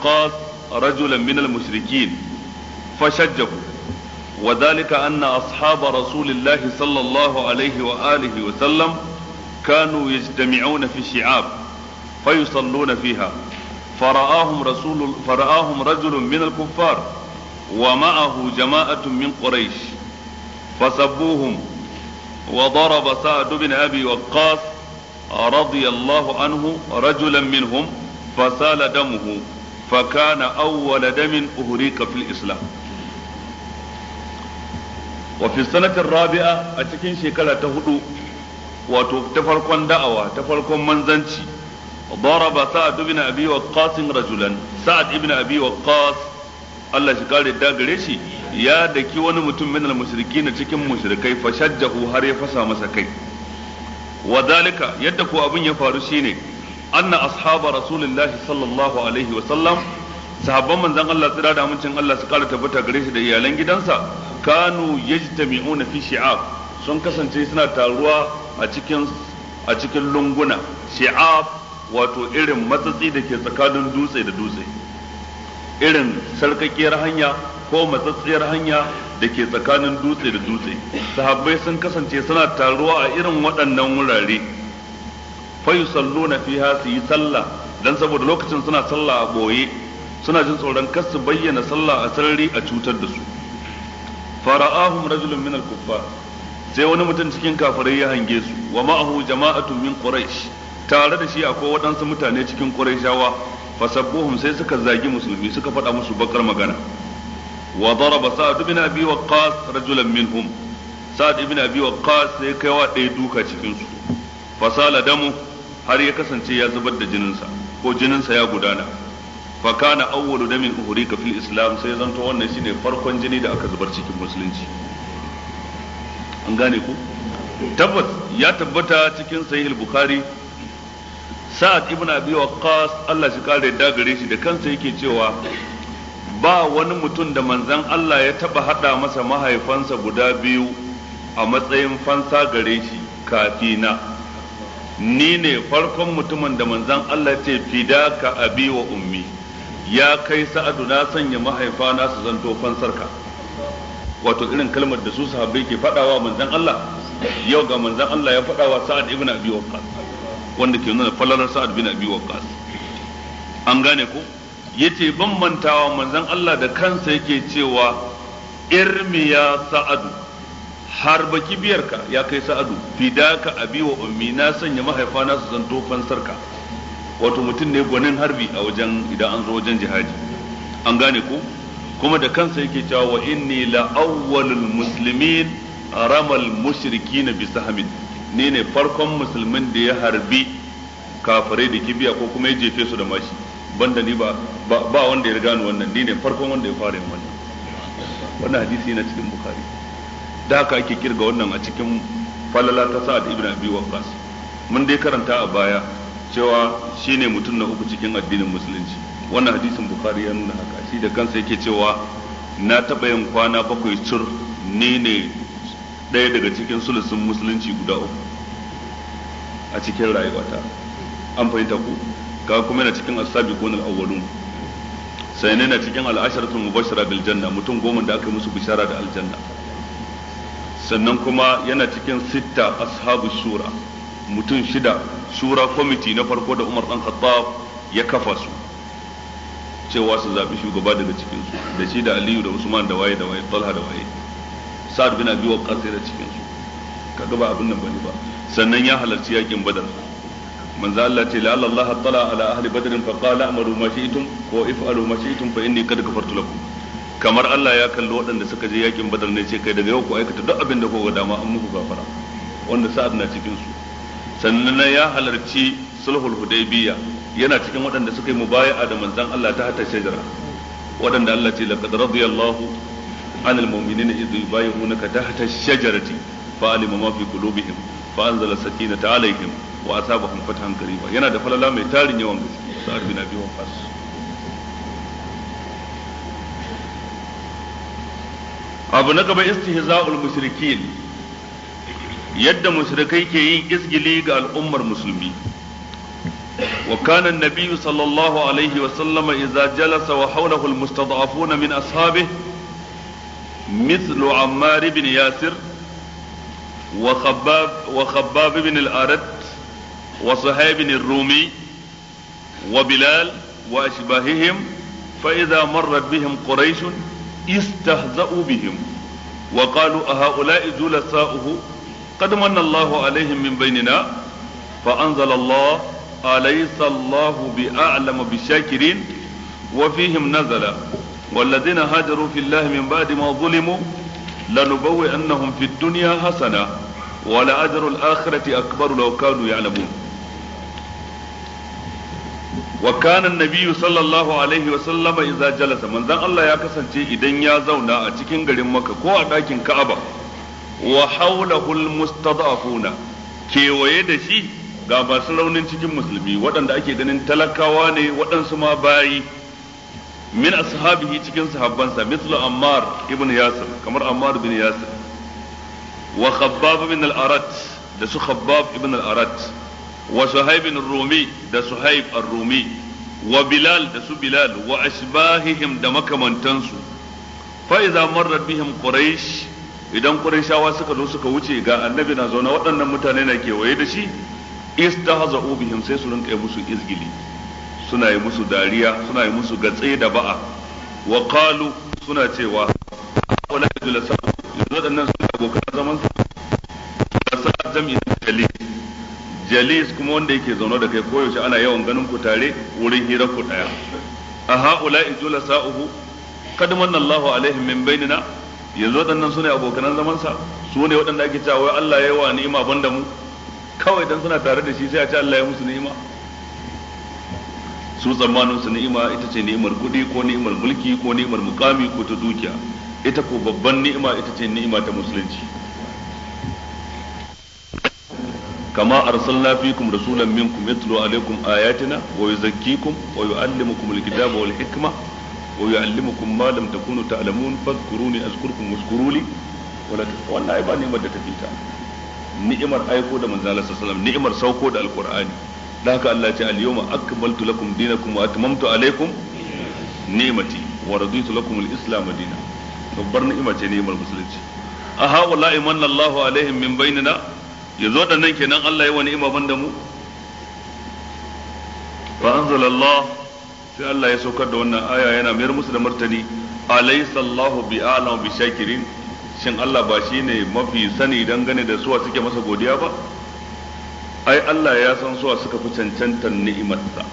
الوقاص رجلا من المشركين فشجبوا وذلك أن أصحاب رسول الله صلى الله عليه وآله وسلم كانوا يجتمعون في شعاب فيصلون فيها فرآهم رسول فرآهم رجل من الكفار ومعه جماعة من قريش فسبوهم وضرب سعد بن أبي وقاص رضي الله عنه رجلا منهم فسال دمه Faka na awowa ladamin uhuri kafin isla. Ofisoratin Rabi'a a cikin shekara ta hudu wato ta farkon da'awa ta farkon manzanci, Baraba, sa'ad ibina abin wa ƙasan rasulan, sa'ad ibina abin wa ƙasan Allah shi kare da daga reshi, ya daki wani mutum mana da mushirki na cikin mushirikai fashe har ya fasa masa kai. Wazalika yadda ko abin ya faru shine. anna ashaba rasulillahi sallallahu alaihi wa sallam sahabban manzon Allah tsira da amincin Allah su kara tabbata gare shi da iyalan gidansa kanu yajtami'una fi shi'ab sun kasance suna taruwa a cikin a cikin lunguna shi'ab wato irin matsatsi da ke tsakanin dutse da dutse irin sarkakiyar hanya ko matsatsiyar hanya da ke tsakanin dutse da dutse sahabbai sun kasance suna taruwa a irin waɗannan wurare fa yusalluna fiha su yi sallah dan saboda lokacin suna sallah a boye suna jin tsoron kar su bayyana sallah a sarari a cutar da su fara'ahum rajulun min al sai wani mutum cikin kafirai ya hange su wa ma'ahu jama'a min quraish tare da shi akwai waɗansu mutane cikin qurayshawa fasabbuhum sai suka zagi musulmi suka faɗa musu bakar magana wa daraba sa'ad ibn abi waqqas rajulan minhum sa'ad ibn abi waqqas sai kai wa ɗaya duka cikin su fasala damu har ya kasance ya zubar da jininsa ko jininsa ya gudana fa kana awwalu damin ka fil islam sai zanto wannan shine farkon jini da aka zubar cikin musulunci an gane ku tabbas ya tabbata cikin sahih al-bukhari sa'ad ibn abi waqqas Allah shi kare da gare shi da kansa yake cewa ba wani mutum da manzan Allah ya taba hada masa mahaifansa guda biyu a matsayin fansa gare shi kafina ni ne farkon mutumin da manzan Allah ce fida ka abi wa ummi ya kai sa'adu na sanya mahaifa na su zanto fansarka wato irin kalmar da su sahabbai ke fadawa manzan Allah yau ga manzan Allah ya fadawa sa'ad ibn abi waqqas wanda ke nuna falalar sa'ad ibn abi waqqas an gane ko yace ban mantawa manzan Allah da kansa yake cewa irmiya sa'adu har baki biyarka ya kai sa'adu fidaka abi wa ummi na sanya mahaifa na su zanto sarka wato mutum ne gwanin harbi a wajen idan an zo wajen jihadi an gane ko kuma da kansa yake cewa wa inni la awwalul muslimin ramal mushrikin bi sahmin ni ne farkon musulmin da ya harbi kafirai da kibiya ko kuma ya jefe su da mashi banda ni ba ba wanda ya gano wannan ni ne farkon wanda ya fara yin wannan wannan hadisi yana cikin bukhari da haka ake kirga wannan a cikin falala ta sa'ad ibn abi waqqas mun dai karanta a baya cewa shine mutum na uku cikin addinin musulunci wannan hadisin bukhari ya nuna haka shi da kansa yake cewa na taɓa yin kwana bakwai cur ni ne ɗaya daga cikin sulusun musulunci guda uku a cikin rayuwata an fahimta ku ga kuma yana cikin asabi ko awwalun sai ne na cikin al'asharatul mubashara bil janna mutum goma da aka yi musu bishara da aljanna sannan kuma yana cikin sitta ashabu shura mutum shida shura kwamiti na farko da umar dan khattab ya kafa su cewa su zaɓi shugaba daga cikin su da shi da aliyu da usman da waye da waye talha da waye sa'ad bin abi waqqas da cikin su kaga ba abin nan bane ba sannan ya halarci yakin badar manzo Allah ce la Allah tala ala ahli badr fa qala amaru ma shi'tum wa if'alu ma shi'tum fa inni qad kafartu lakum kamar Allah ya kalli waɗanda suka je yakin badar ne ce kai daga yau ku aikata duk abin da ku ga dama an muku gafara wanda sa'ad na cikin su sannan ya halarci sulhul hudaybiya yana cikin waɗanda suka yi mubaya'a da manzon Allah ta hata shajara waɗanda Allah ce laqad radiyallahu anil mu'minina idh yubayyi'unaka tahta ash-shajarati fa'alima ma fi qulubihim fa anzala sakinata alaihim wa asabahum fathan qariba yana da falala mai tarin yawan gaske sa'ad bin abi waqas abu na gaba istihza'ul mushrikin yadda mushrikai ke yin izgili ga al'ummar musulmi وكان النبي صلى الله عليه وسلم إذا جلس وحوله المستضعفون من أصحابه مثل عمار بن ياسر وخباب وخباب بن الأرد وصهيب الرومي وبلال وأشباههم فإذا مرت بهم قريش istahza'u bihim wa qalu a ha'ula'i julasa'uhu qad manna Allahu alaihim min bainina fa anzala Allah alaysa Allahu bi'alama bishakirin wa fihim nazala والذين هاجروا في الله من بعد ما ظلموا لنبوئنهم في الدنيا حسنة ولأجر الآخرة أكبر لو كانوا يعلمون wa kana nabiyyu sallallahu alaihi wa sallama idza jalasa manzan Allah ya kasance idan ya zauna a cikin garin Makka ko a dakin Ka'aba wa hawlahu almustad'afuna kewaye da shi ga masu raunin cikin musulmi waɗanda ake ganin talakawa ne waɗansu ma bayi min ashabihi cikin sahabbansa mithlu Ammar ibn Yasir kamar Ammar ibn Yasir wa Khabbab ibn al-Arat da su Khabbab ibn al-Arat wa suhaibin rumi da suhaib ar-rumi wa bilal da su bilal wa ashbahihim da makamantansu fa idan marrat bihim quraish idan qurayshawa suka zo suka wuce ga annabi na zauna waɗannan mutane na kewaye da shi istahza'u bihim sai su rinka musu izgili suna yi musu dariya suna yi musu gatse da ba'a wa qalu suna cewa wala julasa yanzu waɗannan suna abokan zaman su julasa jam'i dalil jalis kuma wanda yake zaune da kai koyaushe ana yawan ganin ku tare wurin hira ku daya a haula ijula sa'uhu kad manna Allahu alaihim min bainina yanzu waɗannan sune abokan zaman sa su ne waɗanda ake cewa wai Allah yayi wa ni'ima banda mu kawai dan suna tare da shi sai a ce Allah ya musu ni'ima su tsammanin su ni'ima ita ce ni'imar kuɗi ko ni'imar mulki ko ni'imar mukami ko ta dukiya ita ko babban ni'ima ita ce ni'ima ta musulunci kama arsalna fikum rasulan minkum yatlu alaikum ayatina wa yuzakkikum wa yuallimukum alkitaba wal hikma wa yuallimukum ma lam takunu ta'lamun fadhkuruni azkurkum washkuruli wala wannan ai ba ni'imar da ta fita ni'imar aiko da manzo Allah sallallahu alaihi sauko da alqur'ani da haka Allah ya ce al-yawma akmaltu lakum dinakum wa atmamtu alaikum ni'mati wa raditu lakum islam babbar musulunci min bainina Ya zo da nan kenan Allah ya wani imaman da mu wa anzalallah sai Allah ya saukar da wannan aya yana mayar musu da martani alaysa Allahu bi a'lamu bi shakirin shin Allah ba shine mafi sani dan gane da suwa suke masa godiya ba ai Allah ya san suwa suka fi cancantar ni'imarsa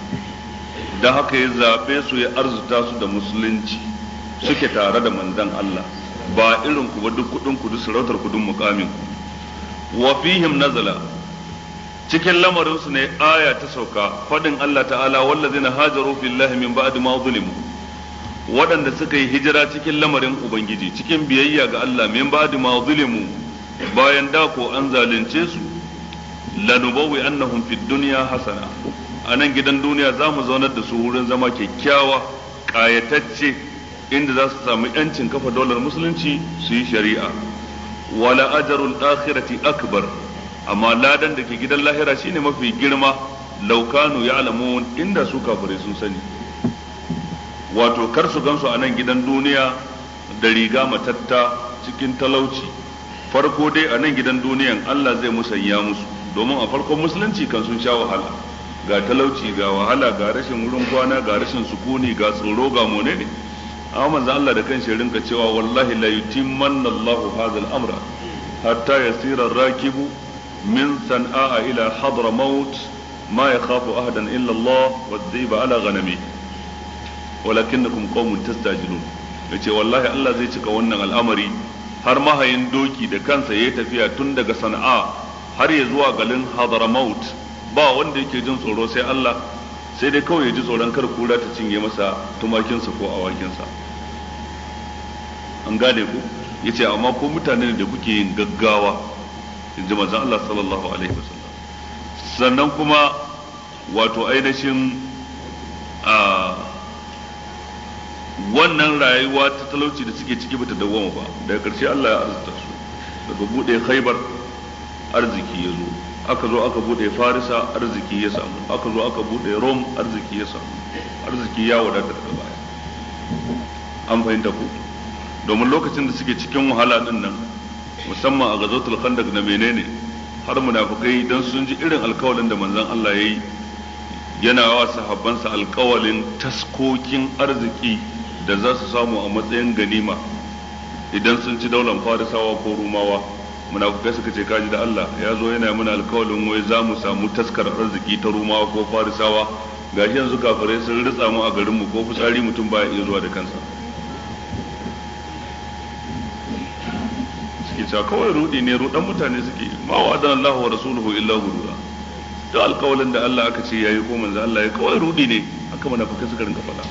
da haka ya zabe su ya arzuta su da musulunci suke tare da manzon Allah ba irin ku ba duk kuɗin ku duk sarautar ku duk mukamin ku wa fihim nazala cikin lamarinsu ne aya ta sauka faɗin Allah ta'ala wallazina hajaru fillahi min ba'di ma zulimu waɗanda suka yi hijira cikin lamarin ubangiji cikin biyayya ga Allah min ba'di ma zulimu bayan da ko an zalunce su lanubawi annahum fid dunya hasana a nan gidan duniya za mu zaunar da su wurin zama kyakkyawa kayatacce inda za su samu 'yancin kafa dolar musulunci su yi shari'a wala ajrul akhirati akbar amma ladan da ke gidan lahira shine mafi girma laukanu ya alamun inda su kafirai sun sani wato kar su gansu a nan gidan duniya da riga matatta cikin talauci farko dai a nan gidan duniyan Allah zai musanya musu domin a farkon musulunci kan sun sha wahala ga talauci ga wahala ga rashin wurin kwana ga rashin sukuni ga tsoro ga mone ne amma manzo Allah da kanshi rinka cewa wallahi la yutimanna Allahu hadha al-amra hatta yasira ar-rakibu min san'a ila hadramaut ma yakhafu ahadan illa Allah wadhiba ala ghanami walakinnakum qaumun tastajilun yace wallahi Allah zai cika wannan al'amari har mahayin doki da kansa yayi tafiya tun daga san'a har ya zuwa galin Maut. ba wanda yake jin tsoro sai Allah sai dai kawai ya ji tsoron kar kura ta cinye masa tumakinsa ko awakinsa an gane ku ya ce amma ko mutane da kuke yin gaggawa in ji manzan Allah sallallahu alaihi wasallam sannan kuma wato ainihin a wannan rayuwa ta talauci da suke ciki bata dawwama ba daga ƙarshe Allah ya arzuta daga buɗe haibar arziki ya zo aka zo aka bude farisa arziki ya samu aka zo aka bude rom arziki ya samu arziki ya wadata daga baya an fahimta ku domin lokacin da suke cikin wahala din nan musamman a gazotul khandak na menene har munafikai dan sun ji irin alkawalin da manzon Allah yayi yana wa sahabbansa alkawalin taskokin arziki da za su samu a matsayin ganima idan sun ci daular farisawa ko rumawa munafukai suka ce kaji da Allah ya zo yana mana alkawalin wai za mu samu taskar arziki ta rumawa ko farisawa shi yanzu kafirai sun ritsa mu a garinmu ko fitsari mutum baya iya zuwa da kansa suke cewa kawai rudi ne rudan mutane suke ma adana Allah wa rasuluhu illa gurura duk alkawalin da Allah aka ce yayi ko manzo Allah ya kawai rudi ne haka munafukai suka rinka faɗa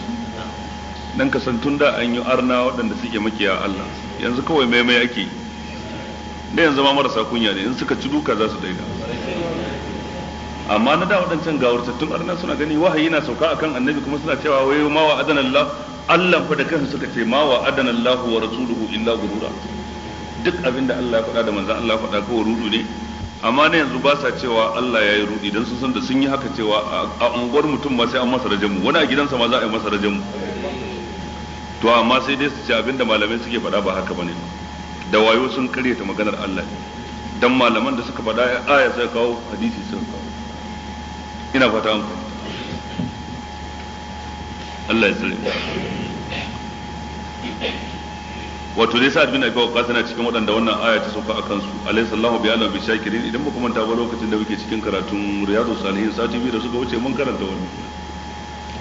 nan ka san tun da an yi arna waɗanda suke makiya Allah yanzu kawai maimai ake yi da yanzu ma marasa kunya ne in suka ci duka za su daina amma na da waɗancan gawartattun arna suna gani wahayi na sauka akan annabi kuma suna cewa wai ma wa adana Allah Allah fa da kansu suka ce ma wa adana Allah wa rasuluhu illa gurura duk abin da Allah ya faɗa da manzon Allah ya faɗa ko rudu ne amma na yanzu ba sa cewa Allah ya yi rudi dan sun san da sun yi haka cewa a unguwar mutum ma sai an masa mu, wani a gidansa ma za a yi masa mu. to amma sai dai su ce abinda malamai suke faɗa ba haka bane ba da wayo sun karyata maganar Allah dan malaman da suka faɗa aya sai kawo hadisi sun kawo ina fata an Allah ya tsare wato dai sa'ad bin abi waqqas yana cikin waɗanda wannan aya ta sauka akan su alayhi sallahu bi alam bi shakirin idan muka manta ba lokacin da muke cikin karatun riyadu salihin sati biyu da suka wuce mun karanta wannan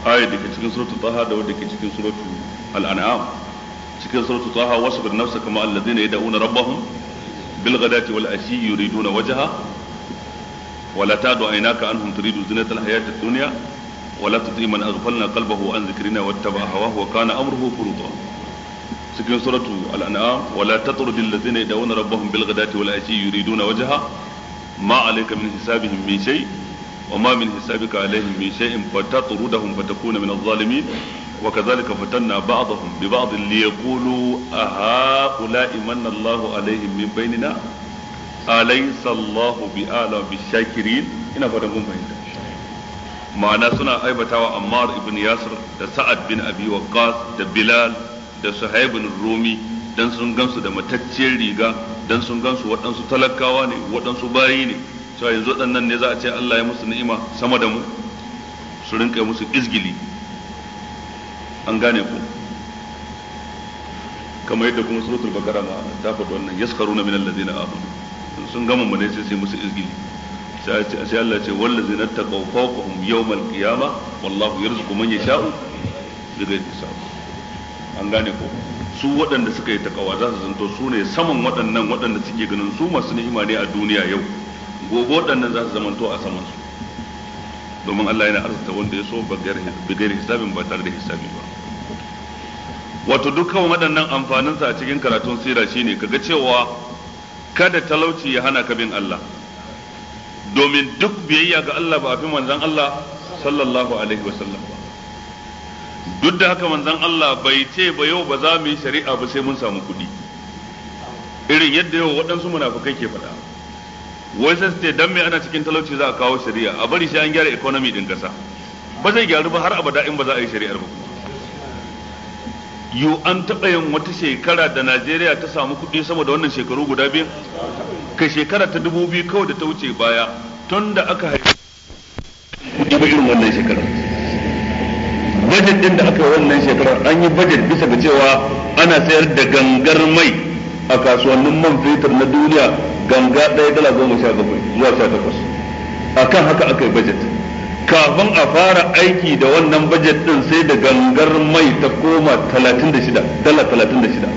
aya da ke cikin suratul taha da wadda ke cikin suratul al-an'am cikin suratul taha wasbir nafsaka ma alladheena yad'una rabbahum bil ghadati wal ashi yuriduna wajha wala tadu aynaka anhum turidu zinata al hayati ad-dunya wala tuti man aghfalna qalbahu an dhikrina wattaba hawahu wa kana amruhu furuta cikin suratul al-an'am wala tatrud alladheena yad'una rabbahum bil ghadati wal ashi yuriduna wajha ma alayka min hisabihim min shay' وما من حسابك عليهم من شيء فتطردهم فتكون من الظالمين وكذلك فتنا بعضهم ببعض ليقولوا أهؤلاء من الله عليهم من بيننا أليس الله بأعلم بالشاكرين إن فرقهم فهمت ma'ana suna aibatawa Ammar ibn Yasir da Sa'ad bin Abi Waqqas da Bilal da Suhaib Rumi dan sun gansu da matacciyar riga dan sun gansu waɗansu talakawa ne waɗansu bayi ne cewa yanzu waɗannan ne za a ce Allah ya musu ni'ima sama da mu su rinka musu izgili an gane ku kamar yadda kuma suratul bakara ma ta faɗi wannan yaskaruna min allazina amanu sun gama mu ne sai sai musu izgili sai Allah ce wallazina taqaw fawqahum yawmal qiyamah wallahu yarzuqu man yasha'u daga yadda an gane ko su waɗanda suka yi takawa za su zanto su ne saman waɗannan waɗanda suke ganin su masu ni'ima ne a duniya yau gobe waɗannan za su zamanto a saman su domin Allah yana arzuta wanda ya so bigar hisabin ba tare da hisabi ba wato dukkan waɗannan amfaninsa a cikin karatun sira shine kaga cewa kada talauci ya hana ka bin Allah domin duk biyayya ga Allah ba a fi manzan Allah sallallahu alaihi wasallam ba duk da haka manzan Allah bai ce ba yau ba za mu yi shari'a ba sai mun samu kuɗi irin yadda yau waɗansu munafukai ke faɗa wai sai su ce dan me ana cikin talauci za a kawo shari'a a bari shi an gyara economy din kasa ba zai gyaru ba har abada in ba za a yi shari'ar ba yo an taɓa yin wata shekara da Najeriya ta samu kuɗi sama da wannan shekaru guda biyu ka shekara ta dubu biyu kawai da ta wuce baya tun da aka haifi ba irin wannan shekara bajet din da aka yi wannan shekarar an yi bajet bisa ga cewa ana sayar da gangar mai a kasuwannin man fetur na duniya ganga ɗaya dala goma sha bakwai zuwa sha takwas a kan haka aka yi bajet kafin a fara aiki da wannan bajet ɗin sai da gangar mai ta koma talatin da shida dala talatin da shida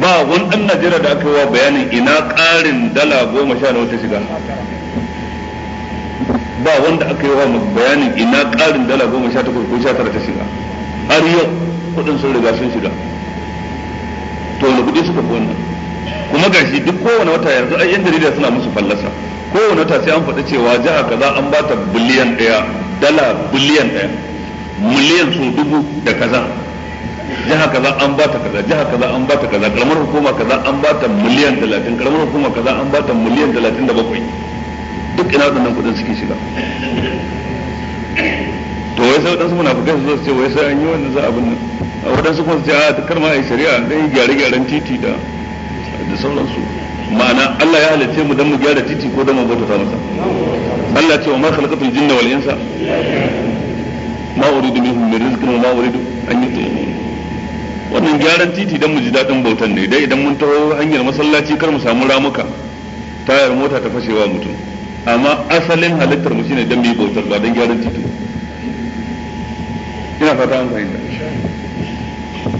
ba wani ɗan najeriya da aka yi wa bayanin ina ƙarin dala goma sha na wata shiga ba wanda aka yi wa bayanin ina ƙarin dala goma sha takwas ko sha tara ta shiga har yau kuɗin sun riga sun shiga to wani kuɗi suka fi wannan kuma gashi duk kowane wata yanzu ai yan jarida suna musu fallasa kowane wata sai an faɗi cewa jiha kaza an ba ta biliyan ɗaya dala biliyan ɗaya miliyan su dubu da kaza jiha kaza an ba ta kaza jiha kaza an ba ta kaza karamar hukuma kaza an ba ta miliyan talatin karamar hukuma kaza an ba ta miliyan talatin da bakwai duk ina waɗannan kuɗin suke shiga to wai sai wadansu munafikai su zo su ce wai sai an yi wannan za abin nan wadansu kuma su ce ah, a kar ma a yi shari'a dai gyare-gyaren titi da da sauransu ma'ana Allah ya halitta mu dan mu gyara titi ko dan mu bauta masa Allah ce wa ma khalaqatul jinna wal insa ma uridu minhum min rizqin wa ma uridu an yut'imun wannan gyaran titi dan mu ji dadin bautan ne dai idan mun taho hanyar masallaci kar mu samu ramuka tayar mota ta fashewa mutum amma asalin halittar mu shine dan mu yi bautar ba dan gyaran titi ina fata an fahimta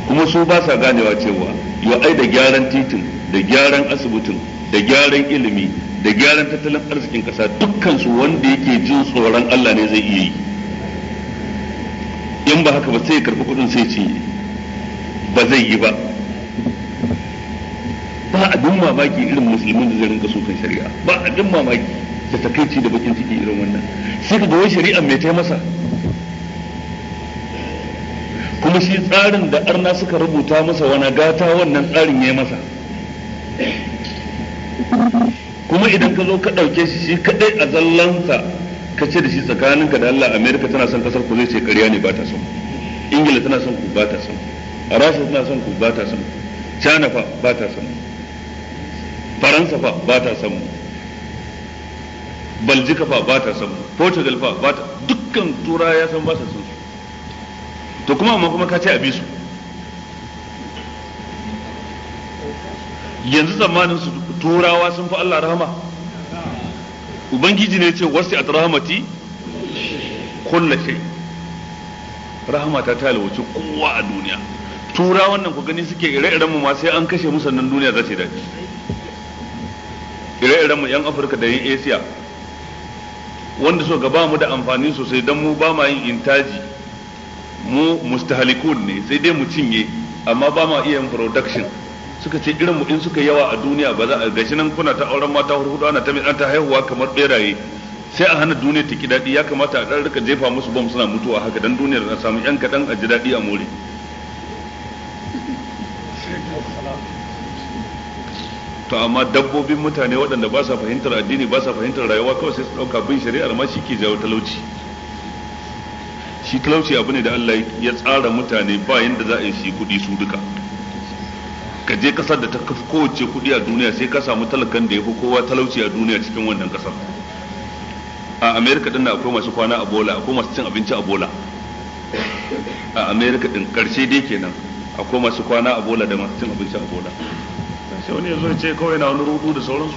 kuma su ba sa ganewa cewa yo ai da gyaran titin da gyaran asibitin da gyaran ilimi da gyaran tattalin arzikin kasa dukkan su wanda yake jin tsoron Allah ne zai iya yi in ba haka ba sai karfi kudin kuɗin sai ce ba zai yi ba ba abin mamaki irin musulmin da zai rinka sukan shari'a ba abin mamaki da takaici da bakin ciki irin wannan sai ka ga wai shari'a mai ta masa kuma shi tsarin da arna suka rubuta masa wani gata wannan tsarin ya masa kuma idan ka zo ka ɗauke shi shi kaɗai a zallansa ka ce da shi tsakaninka da Allah Amerika tana son kasar ku zai ce ƙarya ne ba ta son Ingila tana son ku ba ta son Rasha tana son ku ba ta son China fa ba ta son Faransa fa ba ta son Baljika fa ba ta son Portugal fa ba ta dukkan tura ya san ba ta son to kuma amma kuma ka ce a bisu yanzu zamanin su turawa sun fi Allah rahama ubangiji ne ce wasu a Rahamati kulla shay rahama ta ta alwaci kowa a duniya tura wannan ku gani suke ire-iren mu sai an kashe mu sannan duniya za ta da ire-iren mu yan Afirka da yan Asia wanda so gaba mu da amfani sosai don mu ba ma yin intaji mu mustahalikun ne sai dai mu cinye amma ba ma iya yin production suka ce irin mu in suka yawa a duniya ba za a gashi nan kuna ta auren mata hurhudu ana ta ta haihuwa kamar beraye sai a hana duniya ta kidadi ya kamata a dan rika jefa musu bom suna mutuwa haka dan duniyar a samu yan kaɗan a ji daɗi a more to amma dabbobin mutane waɗanda ba sa fahimtar addini ba sa fahimtar rayuwa kawai sai su ɗauka bin shari'ar ma shi ke jawo talauci shi talauci abu ne da Allah ya tsara mutane ba yadda za a yi shi kuɗi su duka ka je kasar da ta kafi kowace kuɗi a duniya sai ka samu talakan da ya fi kowa talauci a duniya cikin wannan kasar a amerika din akwai masu kwana a bola akwai masu cin abinci a bola a amerika din karshe dai kenan akwai masu kwana a bola da masu cin abinci a bola sai wani ya zo ce kawai na wani rudu da sauransu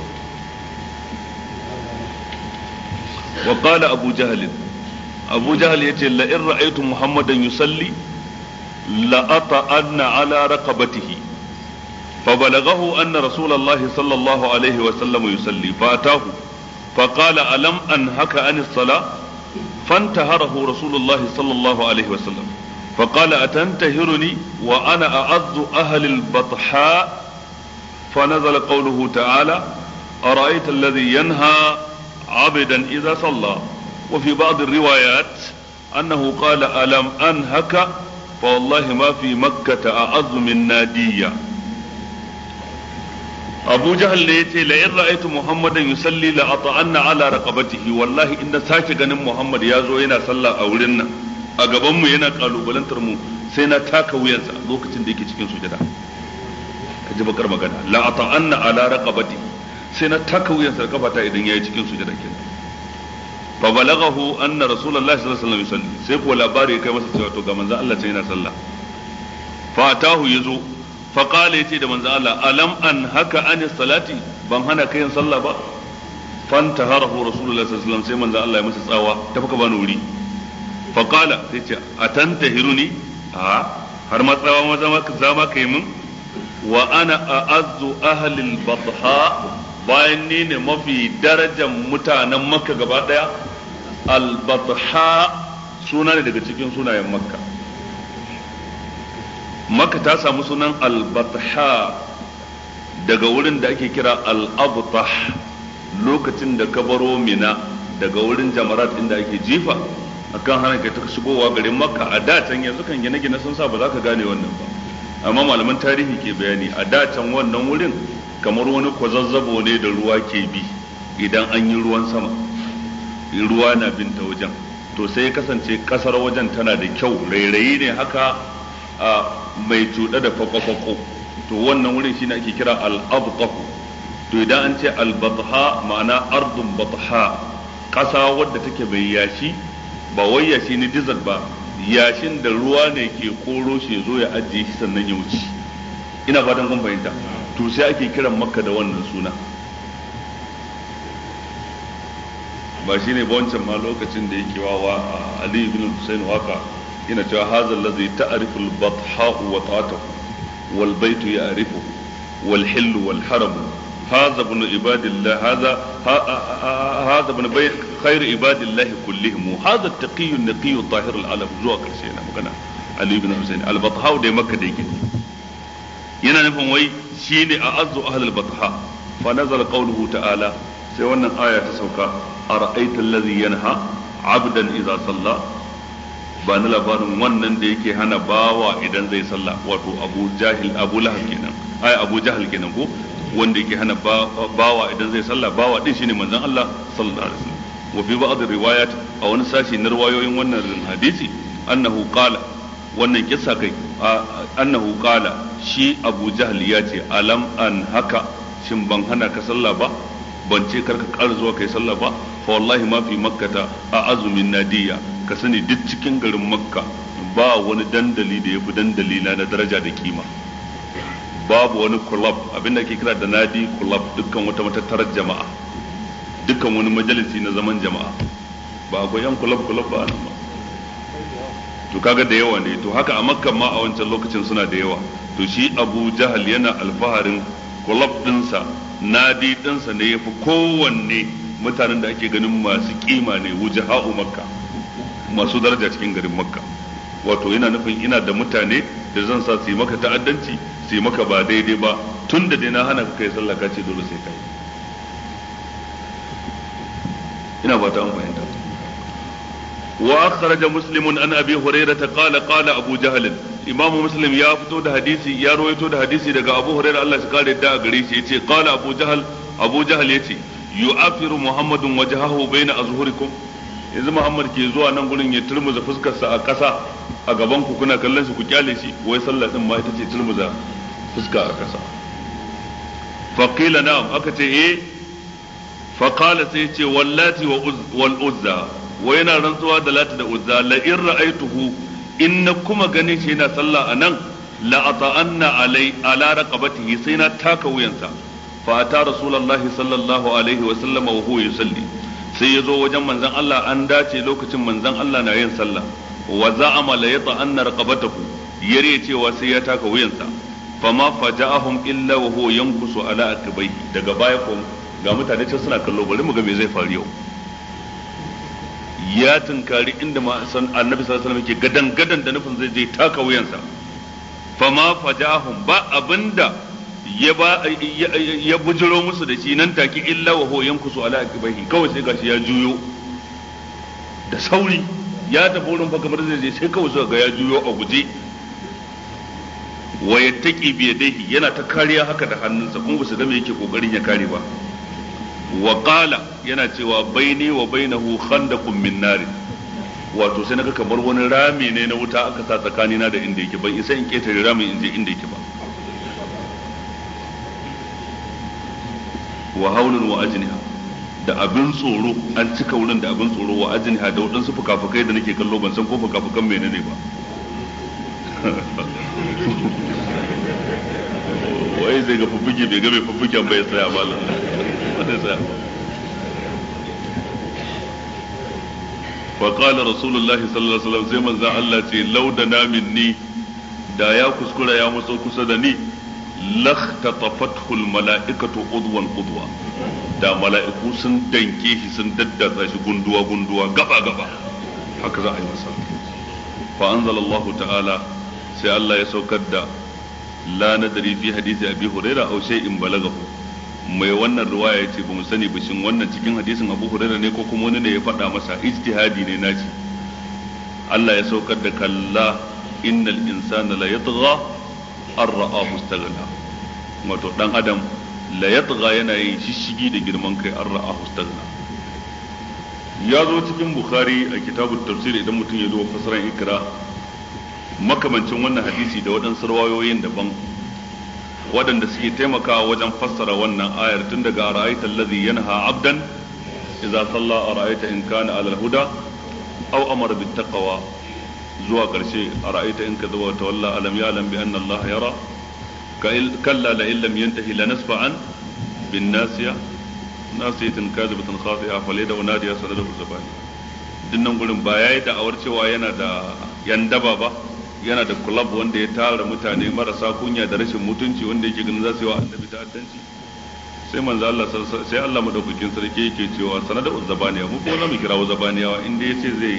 wa qala abu jahalin abu jahal yace la in ra'aytu muhammadan yusalli la ata'anna ala raqabatihi fa balagahu anna rasulullahi sallallahu alaihi wa sallam yusalli fa atahu fa qala alam anhaka anis sala fantaharahu rasulullahi sallallahu alaihi wa sallam فقال أتنتهرني وأنا أعز أهل البطحاء فنزل قوله تعالى أرأيت الذي ينهى عبدا إذا صلى وفي بعض الروايات أنه قال ألم أنهك فوالله ما في مكة أعظ من نادية أبو جهل يتي لئن رأيت محمدا يصلي لأطعن على رقبته والله إن ساكي ganin محمد يازو ينا صلى أولنا أقبم ينا قالوا بلنتر مو سينا تاكا وينسا لوكتين ديكي cikin sujada ka ji bakar magana la ata'anna ala raqabati sai na taka wuyan sarkafa ta idan yayi cikin sujada kenan fa balaghahu anna rasulullahi sallallahu alaihi wasallam yusalli sai ko labari kai masa cewa to ga manzon Allah sai yana sallah fa atahu yazo fa qala yace da manzon Allah alam an haka an salati ban hana kai yin sallah ba fantaharahu rasulullahi sallallahu alaihi wasallam sai manzon Allah ya masa tsawa ta faka bani wuri fa qala sai ce atantahiruni a har ma tsawa ma za ma kai mun wa ana a'azzu ahli al-badha bayan ni ne mafi darajar mutanen makka gaba daya al-batha suna ne daga cikin sunayen makka makka ta samu sunan al-batha daga wurin da ake kira al-abtah lokacin da ka mina daga wurin jamarat inda ake jifa akan hana kai ta shigowa garin makka a da can yanzu kan gine-gine sun sa ba za ka gane wannan ba amma malaman tarihi ke bayani a da can wannan wurin kamar wani kwazazzabo ne da ruwa ke bi idan an yi ruwan sama ruwa na bin ta wajen to sai ya kasance kasar wajen tana da kyau rairayi ne haka mai cuɗa da fako to wannan wurin shine ake kira al-abqahu to idan an ce al-batha ma'ana ardun batha ƙasa wadda take bai yashi ba wai yashi ni dizal ba yashin da ruwa ne ke koro shi zo ya ajiye shi sannan ya wuce ina fatan kun fahimta to sai ake kiran makka da wannan suna ba shi ne wancan ma lokacin da yake wa wa Ali ibn Husayn ina cewa hazal ladhi ta'rifu al-batha wa ta'atuhu wal baytu ya'rifu wal hillu wal haram hadha ibn ibadillah hadha hadha ibn bayt khair ibadillah kullihim hadha at karshe na magana Ali ibn Husayn al-batha da makka da yake yana nufin wai shine a azu ahlul batha fa nazala qawluhu ta'ala sai wannan aya ta sauka a ara'aita allazi yanha abdan idza salla ba na labarin wannan da yake hana bawa idan zai sallah wato abu jahil abu lahab kenan ai abu jahil kenan ko wanda yake hana bawa idan zai sallah bawa din shine manzon Allah sallallahu alaihi wasallam wa fi ba'd riwayat a wani sashi na riwayoyin wannan hadisi annahu qala wannan kissa kai annahu qala shi abu jahil ya ce alam an haka shin ban hana ka sallah ba ban ce karka ƙara zuwa kai sallah ba fa wallahi ma fi makkata a azumin nadiya ka sani duk cikin garin makka ba wani dandali da yafi dandali na na daraja da kima babu wani club abinda ake kira da nadi club dukkan wata matattarar jama'a dukkan wani majalisi na zaman jama'a ba akwai yan club club ba nan ba to kaga da yawa ne to haka a makka ma a wancan lokacin suna da yawa to shi abu jahal yana alfaharin club dinsa nadi dinsa ne yafi kowanne mutanen da ake ganin masu kima ne ha'u makka masu daraja cikin garin makka wato ina nufin ina da mutane da zan sa su yi maka ta'addanci su yi maka ba daidai ba tun da dai na hana ka kai sallah ka ce dole sai kai ina ba ta an fahimta wa akhraja muslimun an abi hurairah qala qala abu jahlin imamu muslim ya fito da hadisi ya rawaito da hadisi daga abu hurairah Allah shi kare da gare shi yace qala abu jahal abu jahal yace yu'afiru muhammadun wajhahu baina azhurikum yanzu muhammad ke zuwa nan gurin ya turmuza fuskarsa a ƙasa a gaban ku kuna kallon shi ku kyale shi wai sallah din ma ita ce turmuza fuska a ƙasa faqila na'am aka ce eh faqala sai ce wallati wa wal uzza wai yana rantsuwa da lati da uzza la in ra'aituhu in na kuma ganin shi yana sallah a nan la ata'anna alai ala raqabatihi sai na taka wuyansa fa ata rasulullahi sallallahu alaihi wa sallam wa huwa yusalli sai ya zo wajen manzon Allah an dace lokacin manzon Allah na yin sallah wa za'ama la yata'anna raqabatahu yare cewa sai ya taka wuyansa fama faja'ahum illa wa huwa yankusu ala akbaihi daga baya ko ga mutane cewa suna kallo bari mu ga me zai faru yau ya tunkari inda ma san annabi sallallahu alaihi wasallam yake gadan gadan da nufin zai je taka wuyansa fama fajahum ba abinda ya ba ya bujiro musu da shi nan take illa wa hoyan ku su ala akibahi kawai sai gashi ya juyo da sauri ya tafi wurin kamar zai je sai kawai suka ga ya juyo a guje wa yattaqi bi yadihi yana ta kariya haka da hannunsa kuma ba su ga me yake kokarin ya kare ba wa qala yana cewa ne wa bainahu khandaqun min nari, wato sai naga kamar wani rami ne na wuta aka sa tsakanina da inda yake ban isa in ketare rami in je inda yake ba wa haulun wa ajniha da abin tsoro an cika wurin da abin tsoro wa ajniha da waɗansu fukafukai da nake kallo ban san ko fukafukan menene ba wai zai ga fuffuke bai ga mai an bai tsaya ba فقال رسول الله صلى الله عليه وسلم زي من ذا الله تي لو دنا مني دا يا كسكرا يا مسو كسدني لاختطفته الملائكة عضوا عضوا da mala'iku sun danke shi sun daddatsa shi gunduwa gunduwa gaba gaba haka za a yi masa fa anzalallahu ta'ala sai Allah ya saukar da la nadri fi hadisi abi hurairah in balaga balagahu mai wannan ruwaya ce ba mu sani ba shin wannan cikin hadisin Abu Hurairah ne ko kuma wani ne ya faɗa masa ijtihadi ne naci Allah ya saukar da kalla innal insana la yatgha ar ra'ahu istaghna wato dan adam la yatgha yana yin shishigi da girman kai ar ra'ahu istaghna ya zo cikin Bukhari a kitabut tafsir idan mutum ya duba fasaran ikra makamancin wannan hadisi da waɗansu rawayoyin daban waɗanda suke taimakawa wajen fassara wannan ayar tun daga ra'ayta allazi yanha abdan idza salla ra'ayta in kana alal huda aw amara bit taqwa zuwa ƙarshe ra'ayta in kadhaba wa tawalla alam ya'lam bi anna allaha yara kalla la illam yantahi lanasfa'an bin nasiya nasiyatin kazibatin khati'a falida wa nadiya sanadahu zabani dinnan gurin ba yayi da'awar cewa yana da yan daba ba yana da club wanda ya tara mutane marasa kunya da rashin mutunci wanda yake ganin za su yi wa annabi ta'addanci sai manzo Allah sai Allah madaukakin sarki yake cewa sanada uzzabaniya mu ko mu kira uzzabaniyawa inda yace zai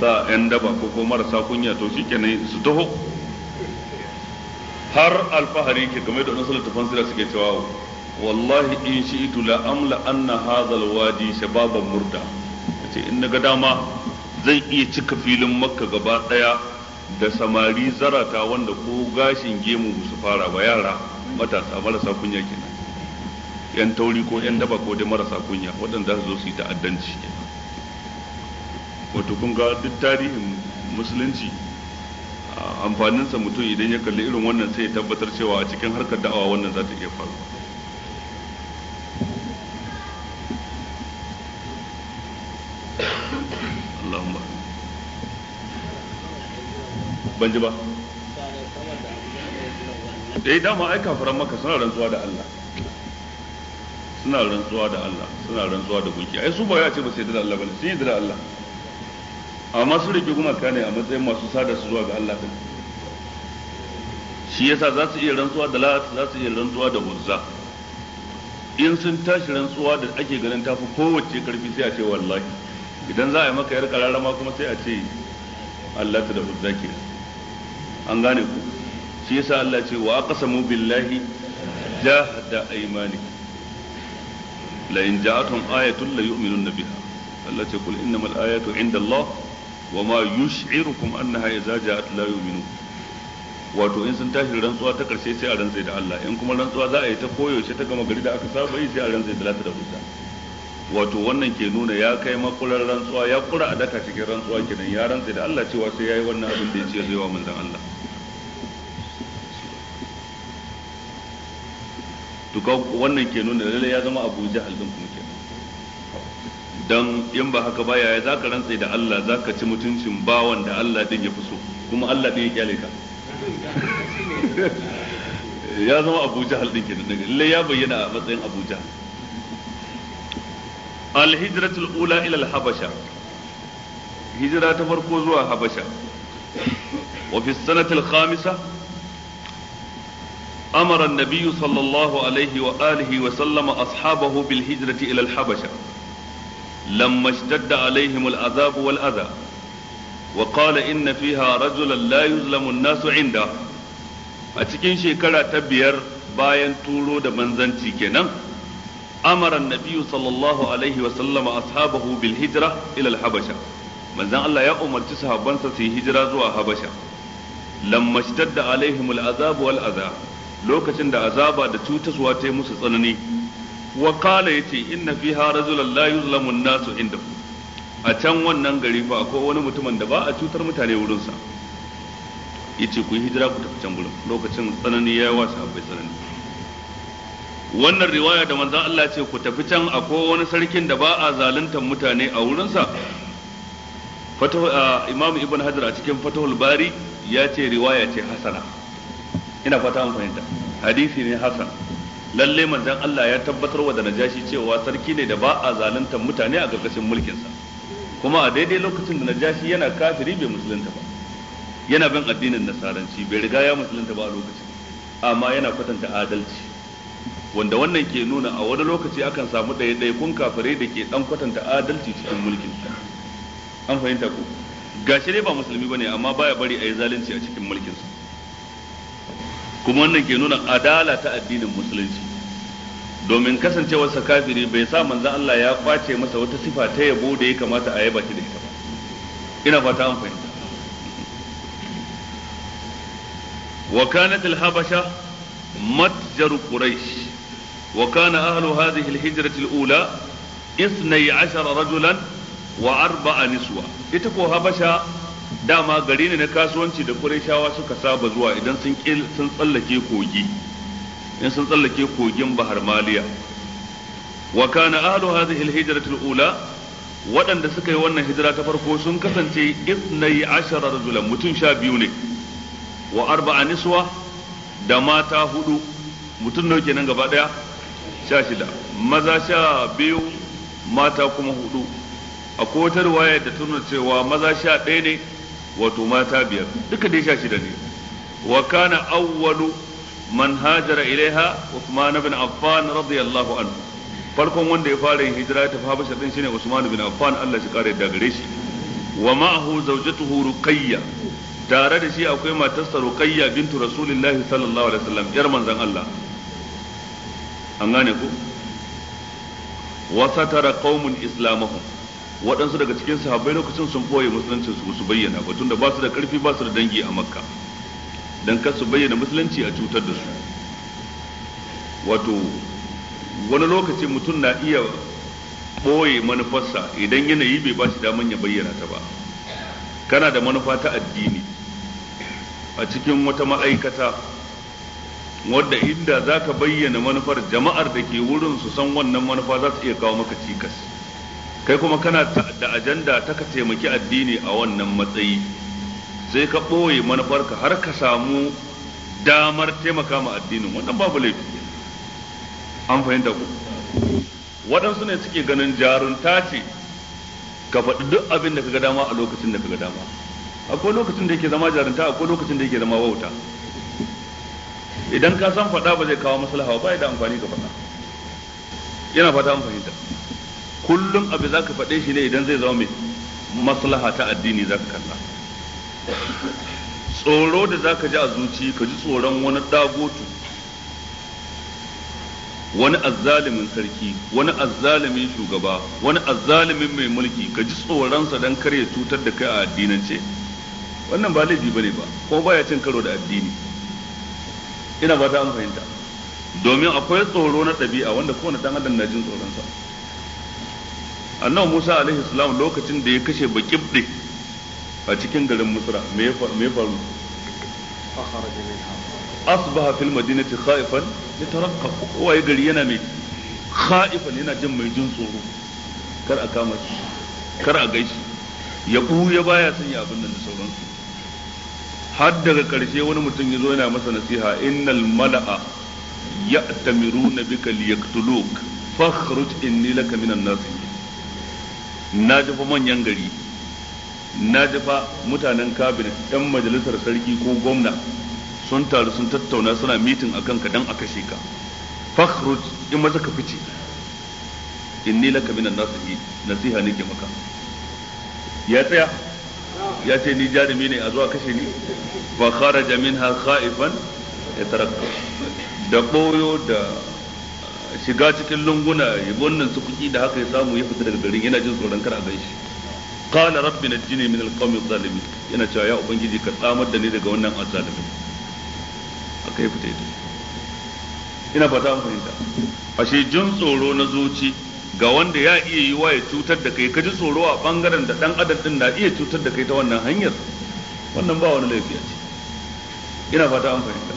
sa yan daba ko ko marasa kunya to shikenan su taho har alfahari ke game da nasalar tafan sira suke cewa wallahi in shi'tu la amla anna hadhal wadi shababan murda yace in naga dama zai iya cika filin makka gaba daya da samari zarata wanda ko gashin gemu su fara ba yara matasa marasa kunya kenan yan tauri ko yan daba ko dai marasa kunya waɗanda su zo su yi ta'addanci wato kun ga duk tarihin musulunci amfaninsa mutum idan ya kalli irin wannan sai ya tabbatar cewa a cikin harkar da'awa wannan za ta iya faruwa ban ji ba eh dama aika faran maka suna rantsuwa da Allah suna rantsuwa da Allah suna rantsuwa da gunki ai su ba ya ce ba sai da Allah bane sun yi da Allah amma su rike ka ne a matsayin masu sada su zuwa ga Allah din shi yasa za su iya rantsuwa da Lat za su iya rantsuwa da Uzza in sun tashi rantsuwa da ake ganin tafi kowace karfi sai a ce wallahi idan za a yi maka yar kararama kuma sai a ce Allah ta da Uzza kenan an gane ku shi yasa Allah ce wa aqsamu billahi jahda aymani la in ja'atuhum ayatun la yu'minun biha Allah ce kul innamal ayatu 'inda Allah wa ma yush'irukum annaha idza ja'at la yu'minun wato in sun tashi rantsuwa ta karshe sai a rantsa da Allah in kuma rantsuwa za a yi ta koyaushe ta gama gari da aka saba yi sai a rantsa da lata da hujja wato wannan ke nuna ya kai makular rantsuwa ya kura a daka cikin rantsuwa kenan ya rantsa da Allah cewa sai yayi wannan abin da ya ce zai wa manzon Allah to wannan ke nuna lalle ya zama Abu Jahal din kuma kenan dan in ba haka ba yaya zaka rantsa da Allah zaka ci mutuncin bawan da Allah din ya fi so kuma Allah din ya kyale ka ya zama Abu Jahal din kenan lalle ya bayyana a matsayin Abu Jahal الهجرة الأولى إلى الحبشة هجرة فرقوزها حبشة وفي السنة الخامسة امر النبي صلى الله عليه واله وسلم اصحابه بالهجره الى الحبشه لما اشتد عليهم العذاب والاذى وقال ان فيها رجلا لا يظلم الناس عنده a cikin shekara ta biyar bayan turo da manzanci kenan amara annabi sallallahu alaihi wa sallama ashabahu bil hijra habasha manzan Allah ya umarci sahabansa su hijira zuwa habasha lamma shtadda azab lokacin da azaba da cutaswa ta yi musu tsanani wa kala yace inna fiha rajulan la yuzlamu an-nasu ku. a can wannan gari fa akwai wani mutumin da ba a cutar mutane wurin sa yace ku hijira ku tafi can gurin lokacin tsanani ya wasa bai tsanani wannan riwaya da manzon Allah ce ku tafi can akwai wani sarkin da ba a zaluntar mutane a wurin sa fatahu imam ibn hajar a cikin fatahul bari ya ce riwaya ce hasana ina fata an fahimta hadisi ne hasan lalle manzon Allah ya tabbatar wa da najashi cewa sarki ne da ba a zaluntar mutane a mulkin sa kuma a daidai lokacin da najashi yana kafiri bai musulunta ba yana bin addinin nasaranci bai riga ya musulunta ba a lokacin amma yana kwatanta adalci wanda wannan ke nuna a wani lokaci akan samu kun kafirai da ke ɗan kwatanta adalci cikin mulkin an fahimta ko gashi dai ba musulmi bane amma baya bari a yi zalunci a cikin mulkin sa kuma wannan ke nuna adala ta addinin musulunci domin kasancewarsa kafiri bai sa manzan Allah ya kwace masa wata sifa ta yabo da ya kamata a yaba ta da ita ba ina fata an fahimta wa kanat al habasha matjar quraish wa kana ahlu hadhihi al hijrah al ula 12 rajulan wa arba'a niswa ita ko habasha dama gari ne na kasuwanci da Qurayshawa suka saba zuwa idan sun kil tsallake kogi in sun tsallake kogin Bahar Maliya wa kana ahlu hadhihi al ula waɗanda suka yi wannan hijira ta farko sun kasance isnai ashara rajulan mutum sha biyu ne wa arba'a niswa da mata hudu mutum nawa kenan gaba daya sha shida maza sha biyu mata kuma hudu a wata waya da tuna cewa maza sha ɗaya ne wato mata biyar duka dai sha shida ne wa kana awwalu man hajara ilaiha Uthman ibn Affan radiyallahu anhu farkon wanda ya fara yin hijira ta Habasha din shine Usman ibn Affan Allah shi kare da gare shi wa ma'ahu zawjatuhu Ruqayya tare da shi akwai matarsa Ruqayya bintu Rasulullah sallallahu alaihi wasallam yar manzon Allah an gane ku wa satara qaumun islamahum waɗansu daga cikin sahabbai lokacin sun boye musulunci su su bayyana ba tunda ba su da karfi ba su da dangi a makka dan kar su bayyana musulunci a cutar da su wato wani lokaci mutum na iya boye manufarsa idan yanayi bai ba shi daman ya bayyana ta ba kana da manufa ta addini a cikin wata ma'aikata wadda inda za ka bayyana manufar jama'ar da ke wurin su san wannan manufa za su iya kawo maka cikas kai kuma kana da ajanda ta ka taimaki addini a wannan matsayi sai ka ɓoye manufarka har ka samu damar taimaka ma addinin wannan babu laifi an fahimta ku waɗansu ne suke ganin jarunta ce ka faɗi duk abin da ka ga dama a lokacin da ka ga dama akwai lokacin da yake zama jarunta akwai lokacin da yake zama wauta idan ka san faɗa ba zai kawo maslaha ba da amfani ka faɗa yana fata an fahimta kullum abu za ka faɗe shi ne idan zai zama mai maslaha ta addini za ka kalla tsoro da za ka ji a zuci ka ji tsoron wani ɗagotu, wani azzalimin sarki wani azzalimin shugaba wani azzalimin mai mulki ka ji tsoronsa don kar ya cutar da kai a addinance wannan ba laifi ba ne ba ko baya cin karo da addini ina ba ta an fahimta domin akwai tsoro na ɗabi'a wanda kowane ɗan adam na jin tsoronsa annabi Musa alaihi salam lokacin da ya kashe bakibde a cikin garin Misra me ya faru asbaha fil madinati khaifan yatarqab wa ya gari yana mai khaifan yana jin mai jin tsoro kar a kama shi kar a gaishi ya ya baya son ya abin nan da sauransu har daga karshe wani mutum ya zo yana masa nasiha innal mala'a ya'tamiruna bika liyaktuluk fakhruj inni laka minan nasihin na ji manyan gari na ji mutanen kabinet yan majalisar sarki ko gwamna sun taru sun tattauna suna mitin a ka dan a kashe ka fakhruj in maza ka fice inni laka minan nasihi nasiha nake maka ya tsaya ya ce ni jarumi ne a zuwa kashe ni fa kharaja minha khaifan ya tarakka da ɓoyo da shiga cikin lunguna ya wannan su kuki da haka ya samu ya fita daga garin yana jin tsoron kar a gan shi qala rabbi najjini min alqawmi zalimin yana cewa ya ubangiji ka tsamar da ni daga wannan azzalimin akai fita ido ina fata an fahimta ashe jin tsoro na zuci ga wanda ya iya yi wa ya cutar da kai ka ji tsoro a bangaren da dan adam din na iya cutar da kai ta wannan hanyar wannan ba wani laifi ce ina fata an fahimta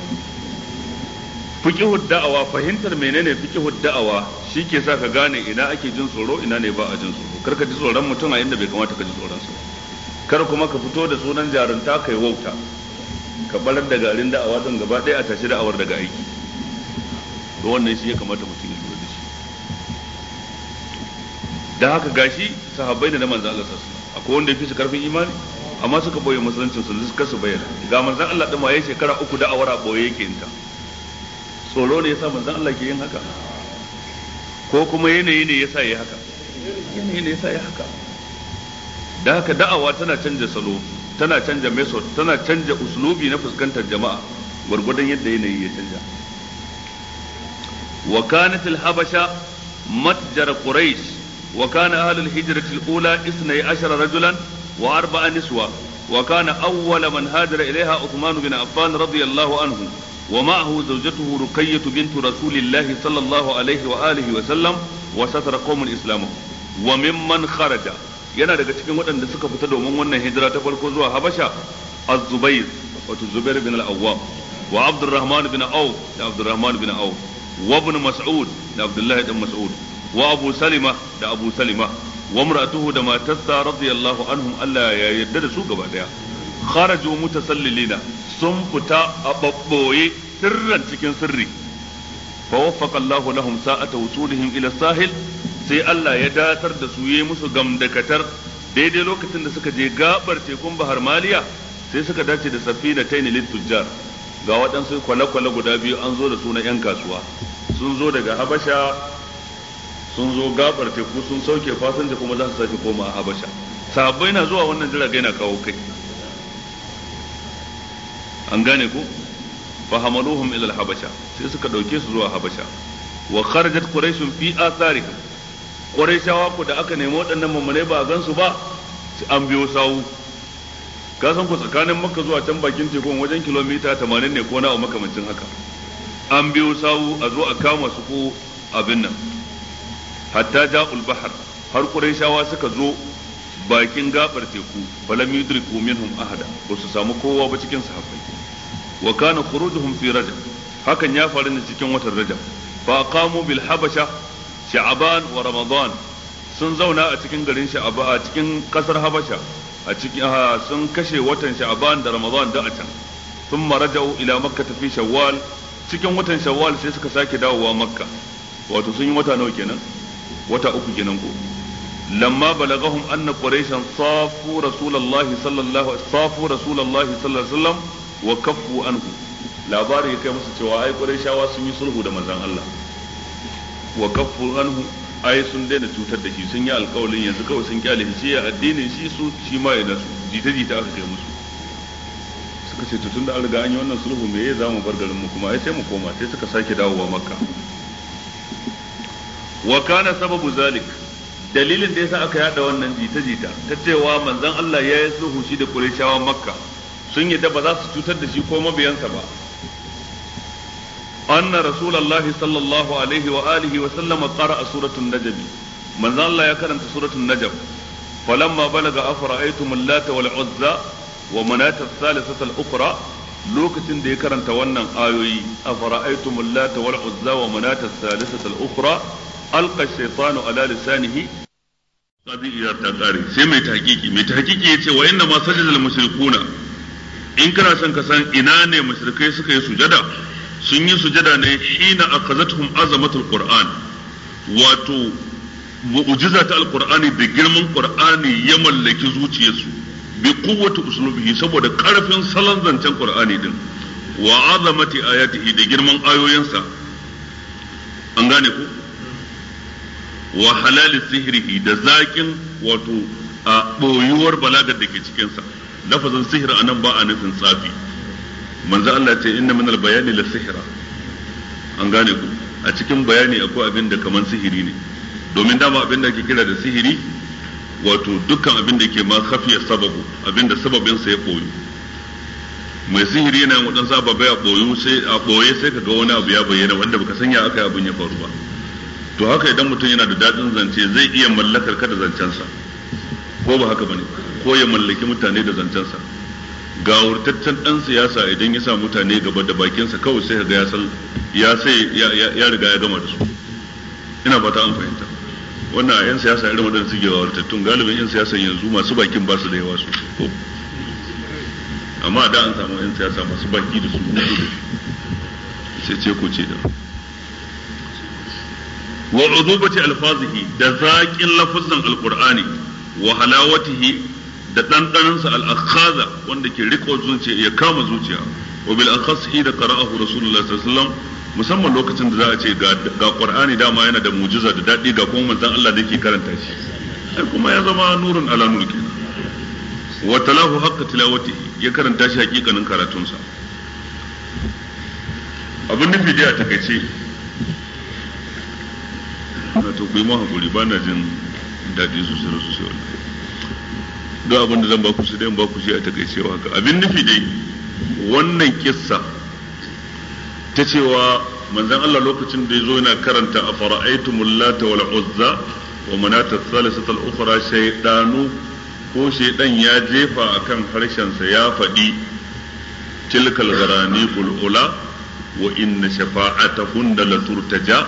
fiqhud da'awa fahimtar menene fiqhud da'awa ke sa ka gane ina ake jin tsoro ina ne ba a jin tsoro kar ka ji tsoron mutum a inda bai kamata ka ji tsoron sa kar kuma ka fito da sunan jarunta kai wauta ka barar da garin da'awa don gaba ɗaya a tashi da'awar daga aiki to wannan shi ya kamata mutum ya lura da shi da haka gashi sahabbai da na manzon Allah sallallahu alaihi wasallam akwai wanda ya fi su karfin imani amma suka boye musuluncin su kasu su bayyana ga manzon Allah din ma yayi shekara uku da'awar a boye yake inta tsoro ne yasa manzon Allah ke yin haka ko kuma yanayi ne yasa yi haka yanayi ne yasa yi haka da haka da'awa tana canja salo tana canja method tana canja uslubi na fuskantar jama'a gwargwadon yadda yanayi ya canja wa kanat al-habasha matjar quraish wa kana ahli al-hijrah al-ula 12 rajulan wa arba'a niswa wa kana awwala man hajara ilaiha Uthman bin Affan radiyallahu anhu ومعه زوجته رقية بنت رسول الله صلى الله عليه وآله وسلم وستر قوم الإسلام وممن خرج yana daga cikin waɗanda suka fita domin wannan hijira ta farko zuwa Habasha Az-Zubair wato Zubair bin Al-Awwam wa Abdurrahman bin Auf da Abdurrahman bin Auf wa Mas'ud da Abdullah ibn Mas'ud wa Abu Salima da Abu Salima wa da matarsa radiyallahu anhum Allah ya yarda da su gaba ɗaya. kharaju mutasallilina sun fita a babboye sirran cikin sirri fa waffaqa Allahu lahum sa'ata wusulihim ila sahil sai Allah ya datar da su yi musu gamdakatar daidai lokacin da suka je gabar tekun Bahar Maliya sai suka dace da safina lit tujjar ga waɗansu kwale-kwale guda biyu an zo da su na 'yan kasuwa sun zo daga habasha sun zo gabar teku sun sauke fasinja kuma za su sake koma a habasha sahabbai na zuwa wannan jiragai na kawo kai an gane ko fa hamaluhum ila habasha sai suka dauke su zuwa habasha wa kharajat quraishun fi atharika quraishawa ku da aka nemi waɗannan mamane ba a gansu ba su an biyo sawu ka san ku tsakanin makka zuwa can bakin tekun wajen kilomita 80 ne ko na makamancin haka an biyo sawu a zo a kama su ko abin nan hatta ja'ul bahar har quraishawa suka zo bakin gabar teku falam yudriku minhum ahada ba su samu kowa ba cikin sahabbai wa kana hakan ya faru ne cikin watan rajab fa aqamu bil habasha sha'ban wa ramadan sun zauna a cikin garin sha'aba a cikin kasar habasha a cikin sun kashe watan sha'ban da ramadan da a can thumma raja'u ila makka fi shawwal cikin watan shawwal sai suka sake dawowa makka wato sun yi wata nawa kenan wata uku kenan ko lamma balagahum anna quraishan safu rasulullahi wa kafu anhu labari ya kai musu cewa ai qurayshawa sun yi sulhu da manzon Allah wa kafu anhu ai sun daina cutar da shi sun yi alƙawalin yanzu kawai sun kyale shi ya addinin shi su shi ma ya nasu jita jita aka kai musu suka ce tutun da an riga an yi wannan sulhu me yayi zamu bar garin mu kuma ai sai mu koma sai suka sake dawowa makka wa kana sababu zalik dalilin da yasa aka yada wannan jita jita ta cewa manzon Allah ya yi sulhu shi da Qurayshawa makka sun yadda ba za su cutar da shi ko mabiyansa ba anna rasulullahi sallallahu alaihi wa alihi wa sallama qara'a suratul najm manzo Allah ya karanta suratul najm falamma balaga afra'aytum allata wal uzza wa manat ath-thalithata al-ukhra lokacin da ya karanta wannan ayoyi afara'aytum allata wal uzza wa manat ath-thalithata al-ukhra alqa ash-shaytanu ala lisanihi qadi ya ta kare sai mai tahqiqi mai tahqiqi yace wa inna ma sajada al-mushrikuuna in kana son ka san ina ne mushrikai suka yi sujada sun yi sujada ne hina akhazatuhum azamatul qur'an wato mu'jiza ta alqur'ani da girman qur'ani ya mallaki zuciyarsu bi quwwati uslubihi saboda karfin salon zancen qur'ani din wa azamati ayatihi da girman ayoyinsa an gane ku wa halal sihrihi da zakin wato a boyuwar balagar da ke cikinsa lafazin sihir nan ba a nufin tsafi manzo Allah ce inna al bayani lis-sihra an gane ku a cikin bayani akwai abin da kaman sihiri ne domin dama abin da ke kira da sihiri wato dukkan abin da ke ma khafiya sababu abin da sababin sa ya koyi mai sihiri yana yin wadansu ababai a boye sai a boye sai ka ga wani abu ya bayyana wanda baka sanya aka yi abin ya faru ba to haka idan mutum yana da dadin zance zai iya mallakar kada zancensa ko ba haka bane ba ko ya mallaki mutane da zancensa ga wurtaccen dan siyasa idan ya sa mutane gaba da bakinsa kawai sai ga ya sai ya riga ya gama da su ina ba ta an fahimta wannan yan siyasa irin wadanda suke ga wurtattun galibin yan siyasa yanzu masu bakin ba su da yawa su amma da an samu yan siyasa masu baki da su sai ce ku ce da wa uzubati alfazihi da zaƙin lafazan alqur'ani wa halawatihi da ɗanɗanansa al wanda ke riko zuciya ya kama zuciya wa bil akhas hida qara'ahu rasulullahi sallallahu alaihi wasallam musamman lokacin da za a ce ga qur'ani dama yana da mu'jiza da dadi ga kuma manzon Allah da yake karanta shi ai kuma ya zama nurun ala nur kenan wa talahu haqqa tilawati ya karanta shi hakikanin karatunsa abin nufi dai a takaice na to ku yi hakuri ba na jin daɗi sosai sosai wallahi duk abin da zan ba ku su dai ba ku shi a takaicewa haka abin nufi dai wannan kissa ta cewa manzon Allah lokacin da yazo yana karanta a fara'aitumul lata wal uzza wa manata thalithata al ukhra shaytanu ko shaydan ya jefa akan harshen sa ya faɗi tilkal gharaniqul ula wa inna shafa'atahunna laturtaja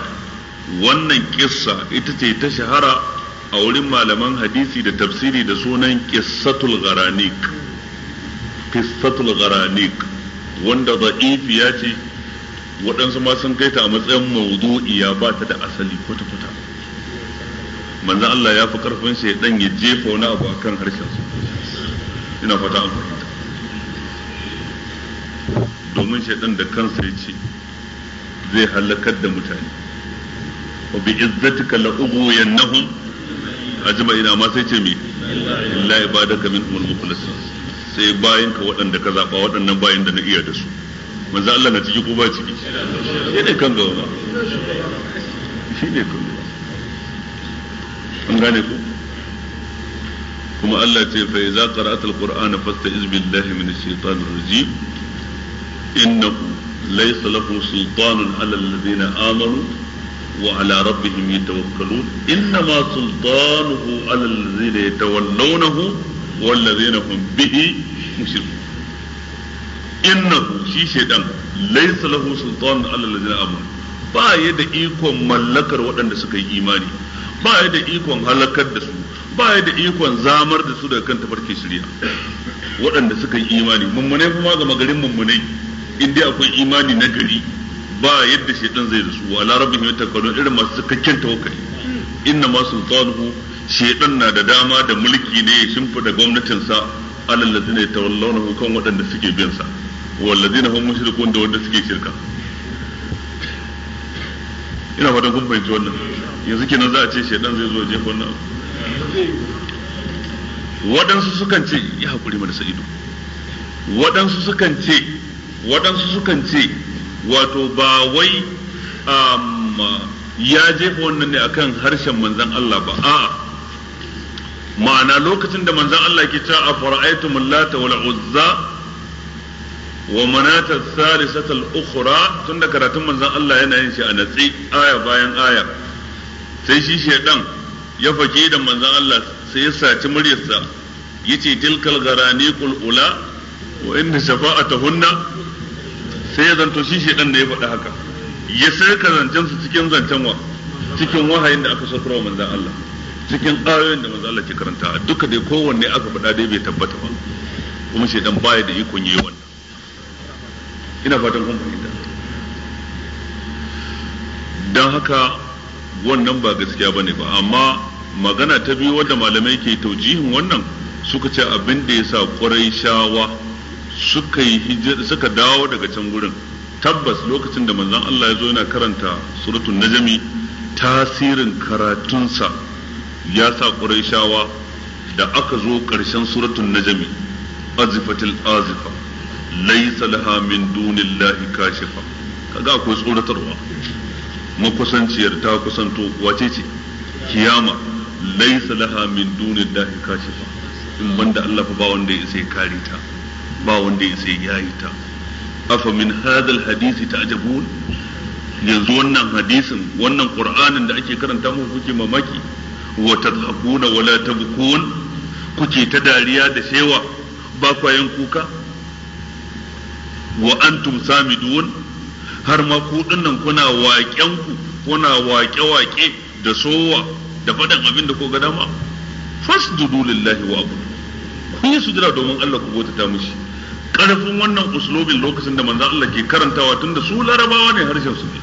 wannan kissa ita ce ta shahara a wurin malaman hadisi da tafsiri da sunan qissatul gharanik qissatul gharanik wanda da'ifiya ce waɗansu ma sun kai ta a matsayin mawdu'iya ba ta da asali kwata-kwata manzan Allah ya fi karfin shaidan ya jefa wani abu akan harshen su ina fata an fahimta domin shaidan da kansa ya ce zai halakar da mutane wa bi izzatika la ughwiyannahum ajma'ina amma sai ce me illa ibadaka mukhlasin sai bayan ka waɗanda ka zaba waɗannan bayan da na iya da su manzo Allah na ciki ko ba ciki shi ne kan gaba shi ne kan gaba an gane ku kuma Allah ce fa iza qara'atal qur'ana fasta'iz billahi minash shaitanir rajim innahu laysa lahu sultanun amanu وعلى ربهم يتوكلون إنما سلطانه على الذين يتولونه والذين هم به مشركون إنه شي شيطان ليس له سلطان على الذين آمنوا ba ya da ikon mallakar waɗanda suka yi imani ba ya da ikon halakar da su ba ya da ikon zamar da su daga kan tafarki shirya waɗanda suka yi imani mummunai kuma ga magarin mummunai in akwai imani na gari ba yadda shaitan zai rasu ala ya yatawakkalun irin masu cikakken tawakkali inna ma sultanuhu shaitan na da dama da mulki ne ya shimfida gwamnatin sa alal ladina hu kan waɗanda suke bin sa wal ladina hum mushrikun da wanda suke shirka ina fatan kun fahimci wannan yanzu kenan za a ce shaitan zai zo jefa wannan wadansu waɗansu sukan ce ya haƙuri mana sa'idu waɗansu sukan ce waɗansu sukan ce wato ba wai um, ya jefa wannan ne akan harshen manzon Allah ba a'a ma'ana lokacin da manzon Allah ke cewa afara'aytum lata wal uzza wa manata thalithata al ukhra tunda karatun Manzan Allah yana yin shi a natsi aya bayan aya sai shi shedan ya fake da Manzan Allah sai ya saci muryarsa yace tilkal garani qul ula wa inna shafa'atahunna sai ya zanto shi shedan da ya faɗi haka ya sai ka zancen su cikin zancen wa cikin wahayin da aka sakura manzon Allah cikin ayoyin da manzan Allah ke karanta duka dai kowanne aka faɗa dai bai tabbata ba kuma ɗan baya da ikon yi wannan ina fatan kun fahimta dan haka wannan ba gaskiya bane ba amma magana ta biyu wadda malamai ke taujihin wannan suka ce abin da ya sa ƙwarai shawa suka yi hijira suka dawo daga can gurin tabbas lokacin da manzon Allah ya zo yana karanta suratul najmi tasirin karatunsa ya sa qurayshawa da aka zo ƙarshen suratul najmi azifatil azifa laysa laha min dunillahi kashifa kaga akwai tsoratarwa makusanciyar ta kusanto wace ce kiyama laysa laha min dunillahi kashifa in banda Allah fa ba wanda ya sai kare ta ba wanda ya sai yi ta afa min hadal hadisi ta'jabun yanzu wannan hadisin wannan qur'anin da ake karanta mu kuke mamaki wa tadhabuna wala tabkun kuke ta dariya da shewa ba kwayan kuka wa antum samidun har ma ku dinnan kuna waƙen ku kuna waƙe-waƙe da sowa da faɗin abin da ko ga dama fasdudu lillahi wa abu kun yi sujira domin Allah ku bauta ta mushi karfin wannan uslubin lokacin da manzo Allah ke karantawa tunda su larabawa ne harshen su ne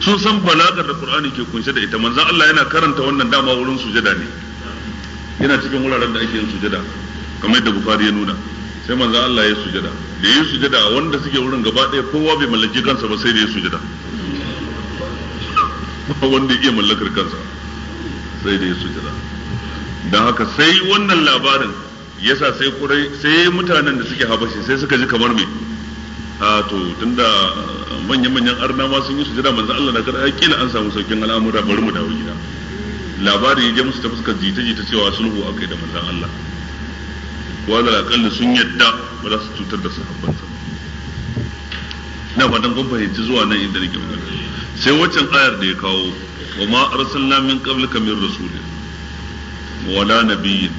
sun san balagar da Qur'ani ke kunshe da ita manzo Allah yana karanta wannan dama wurin sujada ne yana cikin wuraren da ake yin sujada kamar yadda Bukhari ya nuna sai manzo Allah ya sujada da ya sujada wanda suke wurin gaba ɗaya kowa bai mallaki kansa ba sai da ya sujada wanda yake mallakar kansa sai da ya sujada dan haka sai wannan labarin yasa sai kurai sai mutanen da suke habashi sai suka ji kamar me a to tunda manya-manyan arna ma sun yi su jira manzo Allah na kada kila an samu saukin al'amura bari mu dawo gida labari ya musu ta fuskar jita-jita cewa sulhu akai da manzon Allah da akalli sun yadda ba za su cutar da sa na don kun fahimci zuwa nan inda nake magana sai waccan ayar da ya kawo wa ma arsalna min qablika min rasulin wala nabiyyin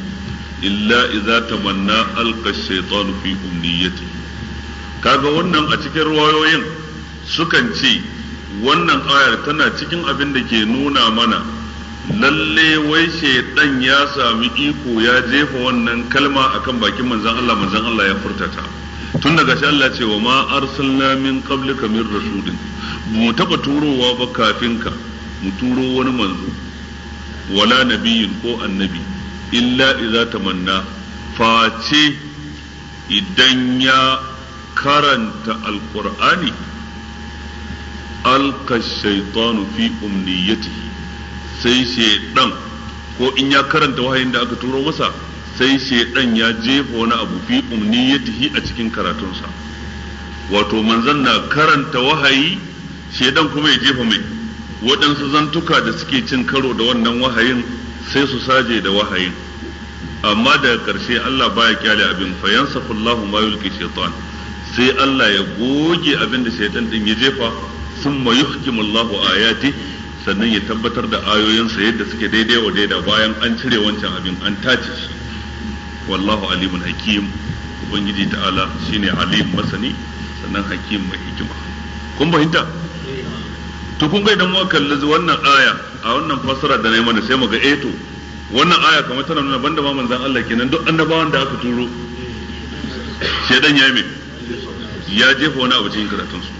illa idza tamanna alqa ash-shaytan fi kaga wannan a cikin ruwayoyin sukan ce wannan ayar tana cikin abin da ke nuna mana lalle wai shaidan ya sami iko ya jefa wannan kalma akan bakin manzan Allah manzon Allah ya furtata tun daga shi Allah ce wa ma arsalna min qablika min rasulin mu taba turowa ba kafin ka mu turo wani manzo wala nabiyin ko annabi illa iza tamanna face idan ya karanta alqur'ani alka shaitanu fi umniyatihi sai shaidan ko in ya karanta wahayin da aka turo masa sai shaidan ya jefa wani abu fi umniyatihi a cikin karatunsa wato manzon na karanta wahayi shaidan kuma ya jefa mai waɗansu zantuka da suke cin karo da wannan wahayin sai su saje da wahayin amma daga ƙarshe Allah baya kyale abin fayansa yansakhu Allahu ma yulqi shaitan, sai Allah ya goge abin da shaytan din ya jefa sun yuhkimu Allahu ayati sannan ya tabbatar da ayoyinsa yadda suke daidai wa daida bayan an cire wancan abin an tace shi wallahu alimun hakim ubangiji ta'ala shine alim masani sannan hakim mai hikima kun fahimta to kun ga idan muka kalli wannan aya a wannan fassara da nayi mana sai mu ga eh to wannan aya kamar tana nuna banda ma manzon Allah kenan duk annabawan da aka turo shedan ya me ya jefa wani abu cikin karatun su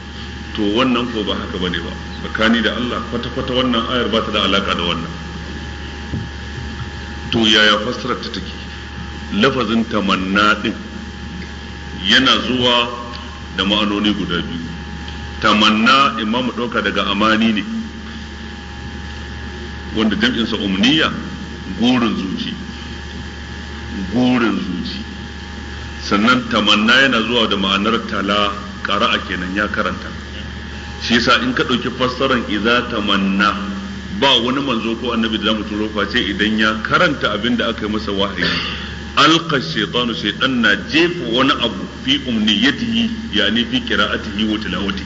to wannan ko ba haka bane ba tsakani da Allah kwata kwata wannan ayar ba ta da alaka da wannan to yaya fasara ta take lafazin tamanna din yana zuwa da ma'anoni guda biyu tamanna imamu ɗauka daga amani ne wanda jam'insa umniya gurin zuci gurin zuci sannan tamanna yana zuwa da ma'anar tala ƙara'a kenan ya karanta shi yasa in ka ɗauki fassarar iza tamanna ba wani manzo ko annabi da zamu turo face idan ya karanta abin da aka yi masa wahayi alka shaytanu shaitan na jefa wani abu fi umniyatihi yani fi qira'atihi wa tilawati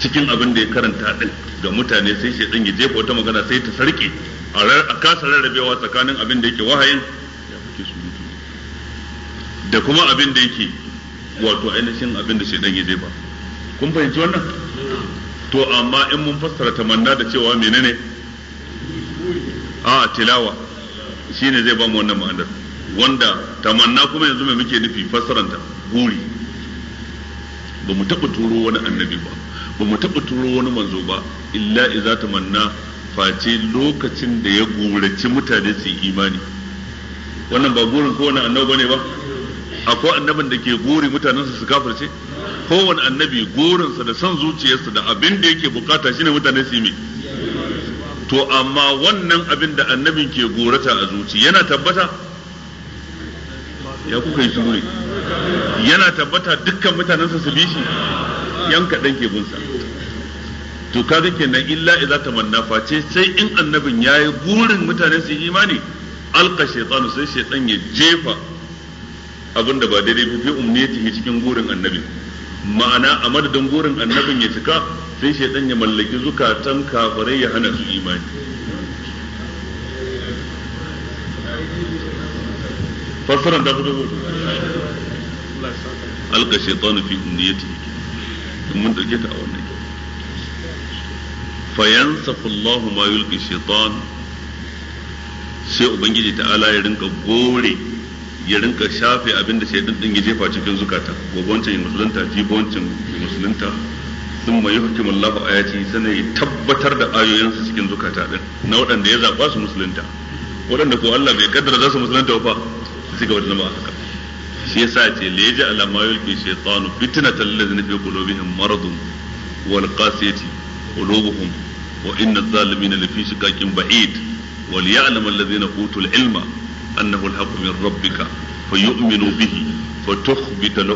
cikin abin da ya karanta din ga mutane sai shaitan ya jefa wata magana sai ta sarki a kasa rarrabewa tsakanin abin da yake wahayin da kuma abin da yake wato ainihin abin da shaitan ya jefa kun fahimci wannan to amma in mun fassara tamanna da cewa menene a tilawa shine zai ba mu wannan ma'anar wanda tamanna kuma yanzu mai muke nufi fassaranta guri ba mu taɓa turo wani annabi ba ba mu taɓa turo wani manzo ba illa iza tamanna face lokacin da ya gurace mutane su yi imani wannan ba ko wani annabi bane ba akwai annabin da ke gori mutanensa su kafirce kowane annabi sa da son zuciyarsa da abin da yake bukata shine mutane su yi to amma wannan abin da annabin ke gorata a zuci yana tabbata ya kuka yi shiru ne yana tabbata dukkan mutanensa su bi shi yan kaɗan ke bunsa to kaga kenan illa idza tamanna face sai in annabin yayi burin mutane su imani alqa shaytanu sai shaytan ya jefa abinda ba daidai ba fi umniyatihi cikin burin annabi ma'ana a madadin burin annabin ya cika sai shaytan ya mallaki zukatan kafirai ya hana su imani fassaran ta fito muku alka shaytanu fi niyyati mun dauke ta a wannan fa yansafu Allah ma yulqi shaytan sai ubangiji ta Ala ya rinka gore ya rinka shafe abin da shaidan din ya jefa cikin zukata gobe wancan ya musulunta jibancin musulunta sun mai hukum Allah a ayati sanai tabbatar da ayoyinsa cikin zukata din na waɗanda ya zaɓa su musulunta waɗanda ko Allah bai kaddara za su musulunta ba su ci gaba da zama haka shi yasa ce la yaja ala ma yulqi shaytanu maradun wal wa inna lafi ba'id wal ilma annahu min rabbika fayu'minu bihi فتخبت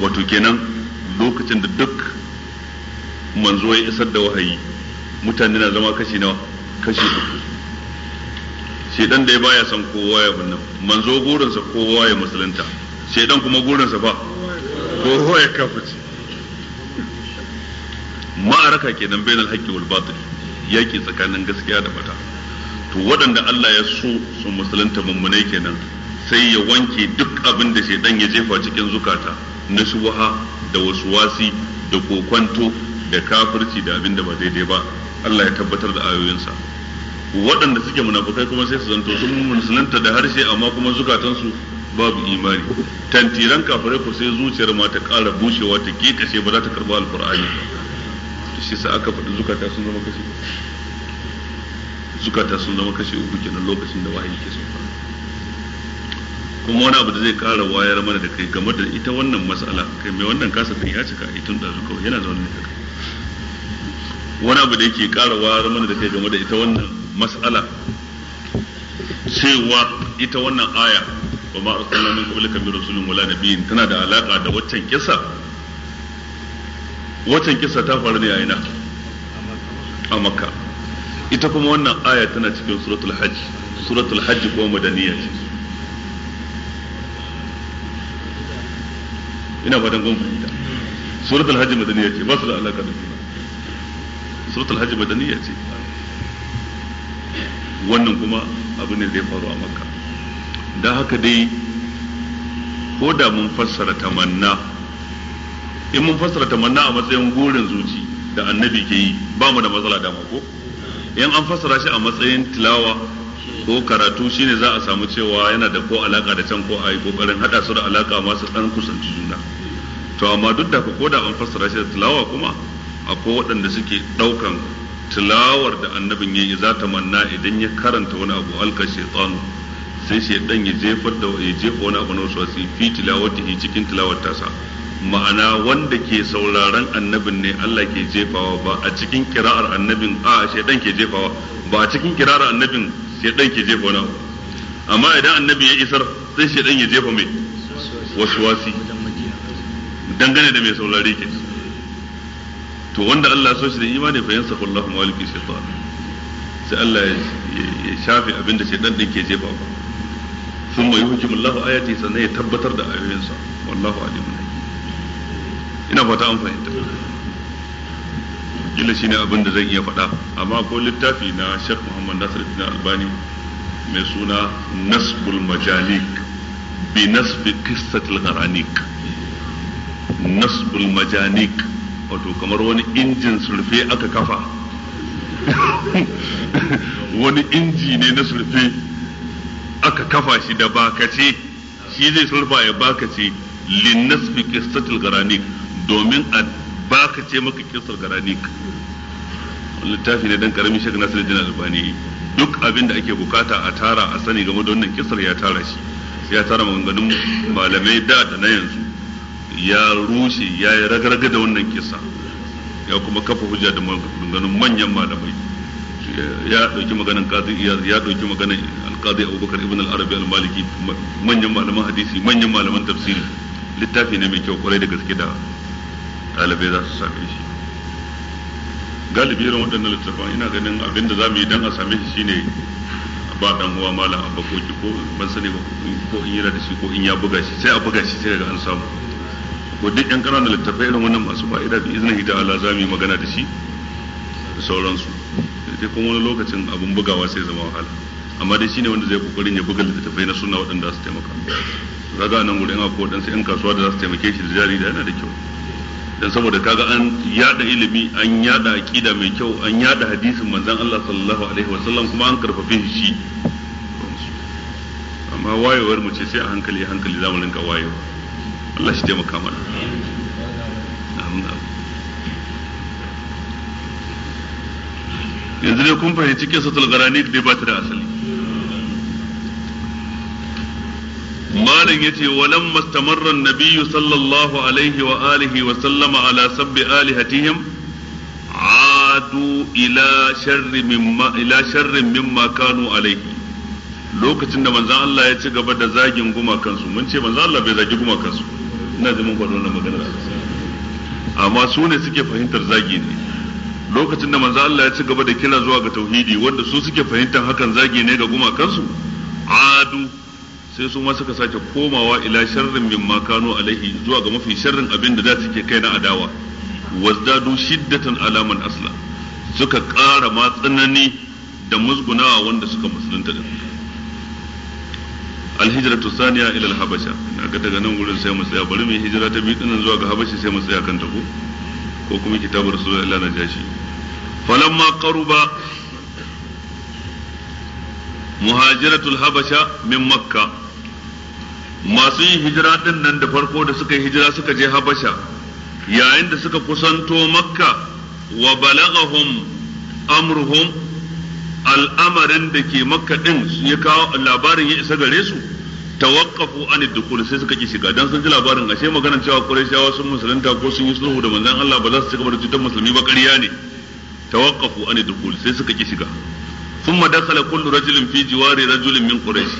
wato kenan lokacin da duk manzo ya isar da wahayi mutane na zama kashi na kashi uku shedan da ya baya son kowa ya bunnan manzo gurinsa kowa ya musulunta shedan kuma gurinsa ba kowa ya kafuci ma'araka kenan bainal haqqi wal batil yaki tsakanin gaskiya da bata to waɗanda Allah ya so su musulunta mummune kenan sai ya wanke duk abin da shedan ya jefa cikin zukata na shubha da wasu wasi da kokwanto da kafirci da abin da ba daidai ba Allah ya tabbatar da ayoyinsa waɗanda suke munafukai kuma sai su zanto sun musulunta da harshe amma kuma zukatansu babu imani tantiran kafirai ko sai zuciyar ma ta ƙara bushewa ta kekashe ba za ta karɓi alƙur'ani ba shi sa aka faɗi zukata sun zama kashe zukata sun zama kashe uku kenan lokacin da wahayi ke sauka kuma wani abu da zai ƙara wayar mana da kai game da ita wannan mas'ala kai mai wannan kasa kan ya cika a tun ɗazu kawai yana zaune ne haka wani abu da yake ƙara wara mana da kai game da ita wannan mas'ala cewa ita wannan aya wa ma arsalna min qablika min rasulin wala nabiyyin tana da alaka da waccan kisa waccan kisa ta faru ne a ina a makka ita kuma wannan aya tana cikin suratul hajj suratul hajj ko madaniya ce ina fatan kun fahimta suratul hajj madaniya ce ba su da alaka da juna suratul hajj madaniya ce wannan kuma abu ne zai faru a makka da haka dai ko da mun fassara tamanna in mun fassara tamanna a matsayin gurin zuci da annabi ke yi ba mu da matsala dama ko in an fassara shi a matsayin tilawa ko karatu shine za a samu cewa yana da ko alaka da can ko a yi kokarin hada su da alaka masu dan kusanci juna to amma duk da ko da an fassara shi da tilawa kuma akwai waɗanda suke ɗaukan tilawar da annabin ya yi za ta manna idan ya karanta wani abu alka shaitan sai shaydan ya jefar da ya jefa wani abu na wasu wasi fi tilawatihi cikin tilawar tasa ma'ana wanda ke sauraron annabin ne Allah ke jefawa ba a cikin kira'ar annabin a ɗan ke jefawa ba a cikin kira'ar annabin ɗan ke jefa wani abu amma idan annabi ya isar sai ɗan ya jefa mai wasu wasi dangane da mai saurare ke to wanda Allah ya so shi da imani fa yansa Allahu maliki shaytan sai Allah ya shafe abinda shaytan din ke jefa ba sun mai hukum Allah ayati sannan ya tabbatar da ayoyinsa wallahu alimun ina fata an fahimta kila shine abin da zan iya faɗa amma ko littafi na Sheikh Muhammad Nasir Nasiruddin Albani mai suna Nasbul Majalik bi nasbi qissatil gharanik Nasbul Majanik wato kamar wani injin surfe aka kafa wani inji ne na surfe aka kafa shi da bakace shi zai surfa ya bakace linnasfi kistatil garanik domin a bakace maka kistar garanik littafi ne dan karamin shek jina albani duk abin da ake bukata a tara a sani game da wannan kistar ya tara shi ya tara maganganun malamai da da na yanzu ya rushe ya yi ragarga da wannan kisa ya kuma kafa hujja da maganganun manyan malamai ya dauki maganin kazi ya dauki maganin alkazi qadi Abubakar ibn al-Arabi al-Maliki manyan malaman hadisi manyan malaman tafsiri littafi ne mai kyau kwarai da gaske da talibai za su same shi galibi irin waɗannan littattafan ina ganin abinda za mu yi don a same shi shine ba dan uwa malam abba ko ban sani ba ko in yi da shi ko in ya buga shi sai a buga shi sai ga an samu ko duk yan ƙananan littattafai irin wannan masu fa'ida bi iznihi da Allah za mu yi magana da shi da sauransu sai kuma wani lokacin abin bugawa sai zama wahala amma dai shine wanda zai kokarin ya buga littattafai na suna waɗanda su taimaka raga nan gurin akwai waɗansu 'yan kasuwa da za su taimake shi da jari da yana da kyau dan saboda kaga an yada ilimi an yada aqida mai kyau an yada hadisin manzon Allah sallallahu alaihi wasallam kuma an karfafe shi amma wayewar mu ce sai a hankali hankali zamu rinka wayewa Allah shi taimaka mana yanzu dai kun fahimci kisa tulgarani da ba ta da asali malam yace walam mastamarra nabiyyu sallallahu alaihi wa alihi wa sallama ala sabbi alihatihim adu ila sharri mimma ila sharrin mimma kanu alaihi lokacin da manzon Allah ya ci gaba da zagin gumakansu mun ce manzon Allah bai zagi gumakansu ina ji mun faɗi wannan maganar amma su ne suke fahimtar zagi ne lokacin da manzo Allah ya ci gaba da kira zuwa ga tauhidi wanda su suke fahimtar hakan zagi ne ga gumakansu adu sai su ma suka sake komawa ila sharrin mimma Kano alaihi zuwa ga mafi sharrin abin da za su ke kai na adawa wazdadu shiddatan alaman asla suka ƙara ma tsanani da musgunawa wanda suka musulunta da su alhijratu saniya ila alhabasha ga daga nan gurin sai mu tsaya bari mu hijira ta biyu dinnan zuwa ga habashi sai mu tsaya kan ta ko ko kuma kitabu rasulullahi na jashi falamma qaruba muhajiratul habasha min makka masu yin hijira din nan da farko da suka yi hijira suka je habasha yayin da suka kusanto makka wa balagahum amruhum al'amarin da ke makka din ya kawo labarin ya isa gare su tawaqqafu an dukul sai suka ki shiga dan sun ji labarin ashe maganar cewa qurayshawa sun musulunta ko sun yi sulhu da manzon Allah ba za su ci gaba da cutar musulmi ba ƙarya ne tawaqqafu an dukul sai suka ki shiga thumma dakala kullu rajulin fi jiwari rajulin min quraish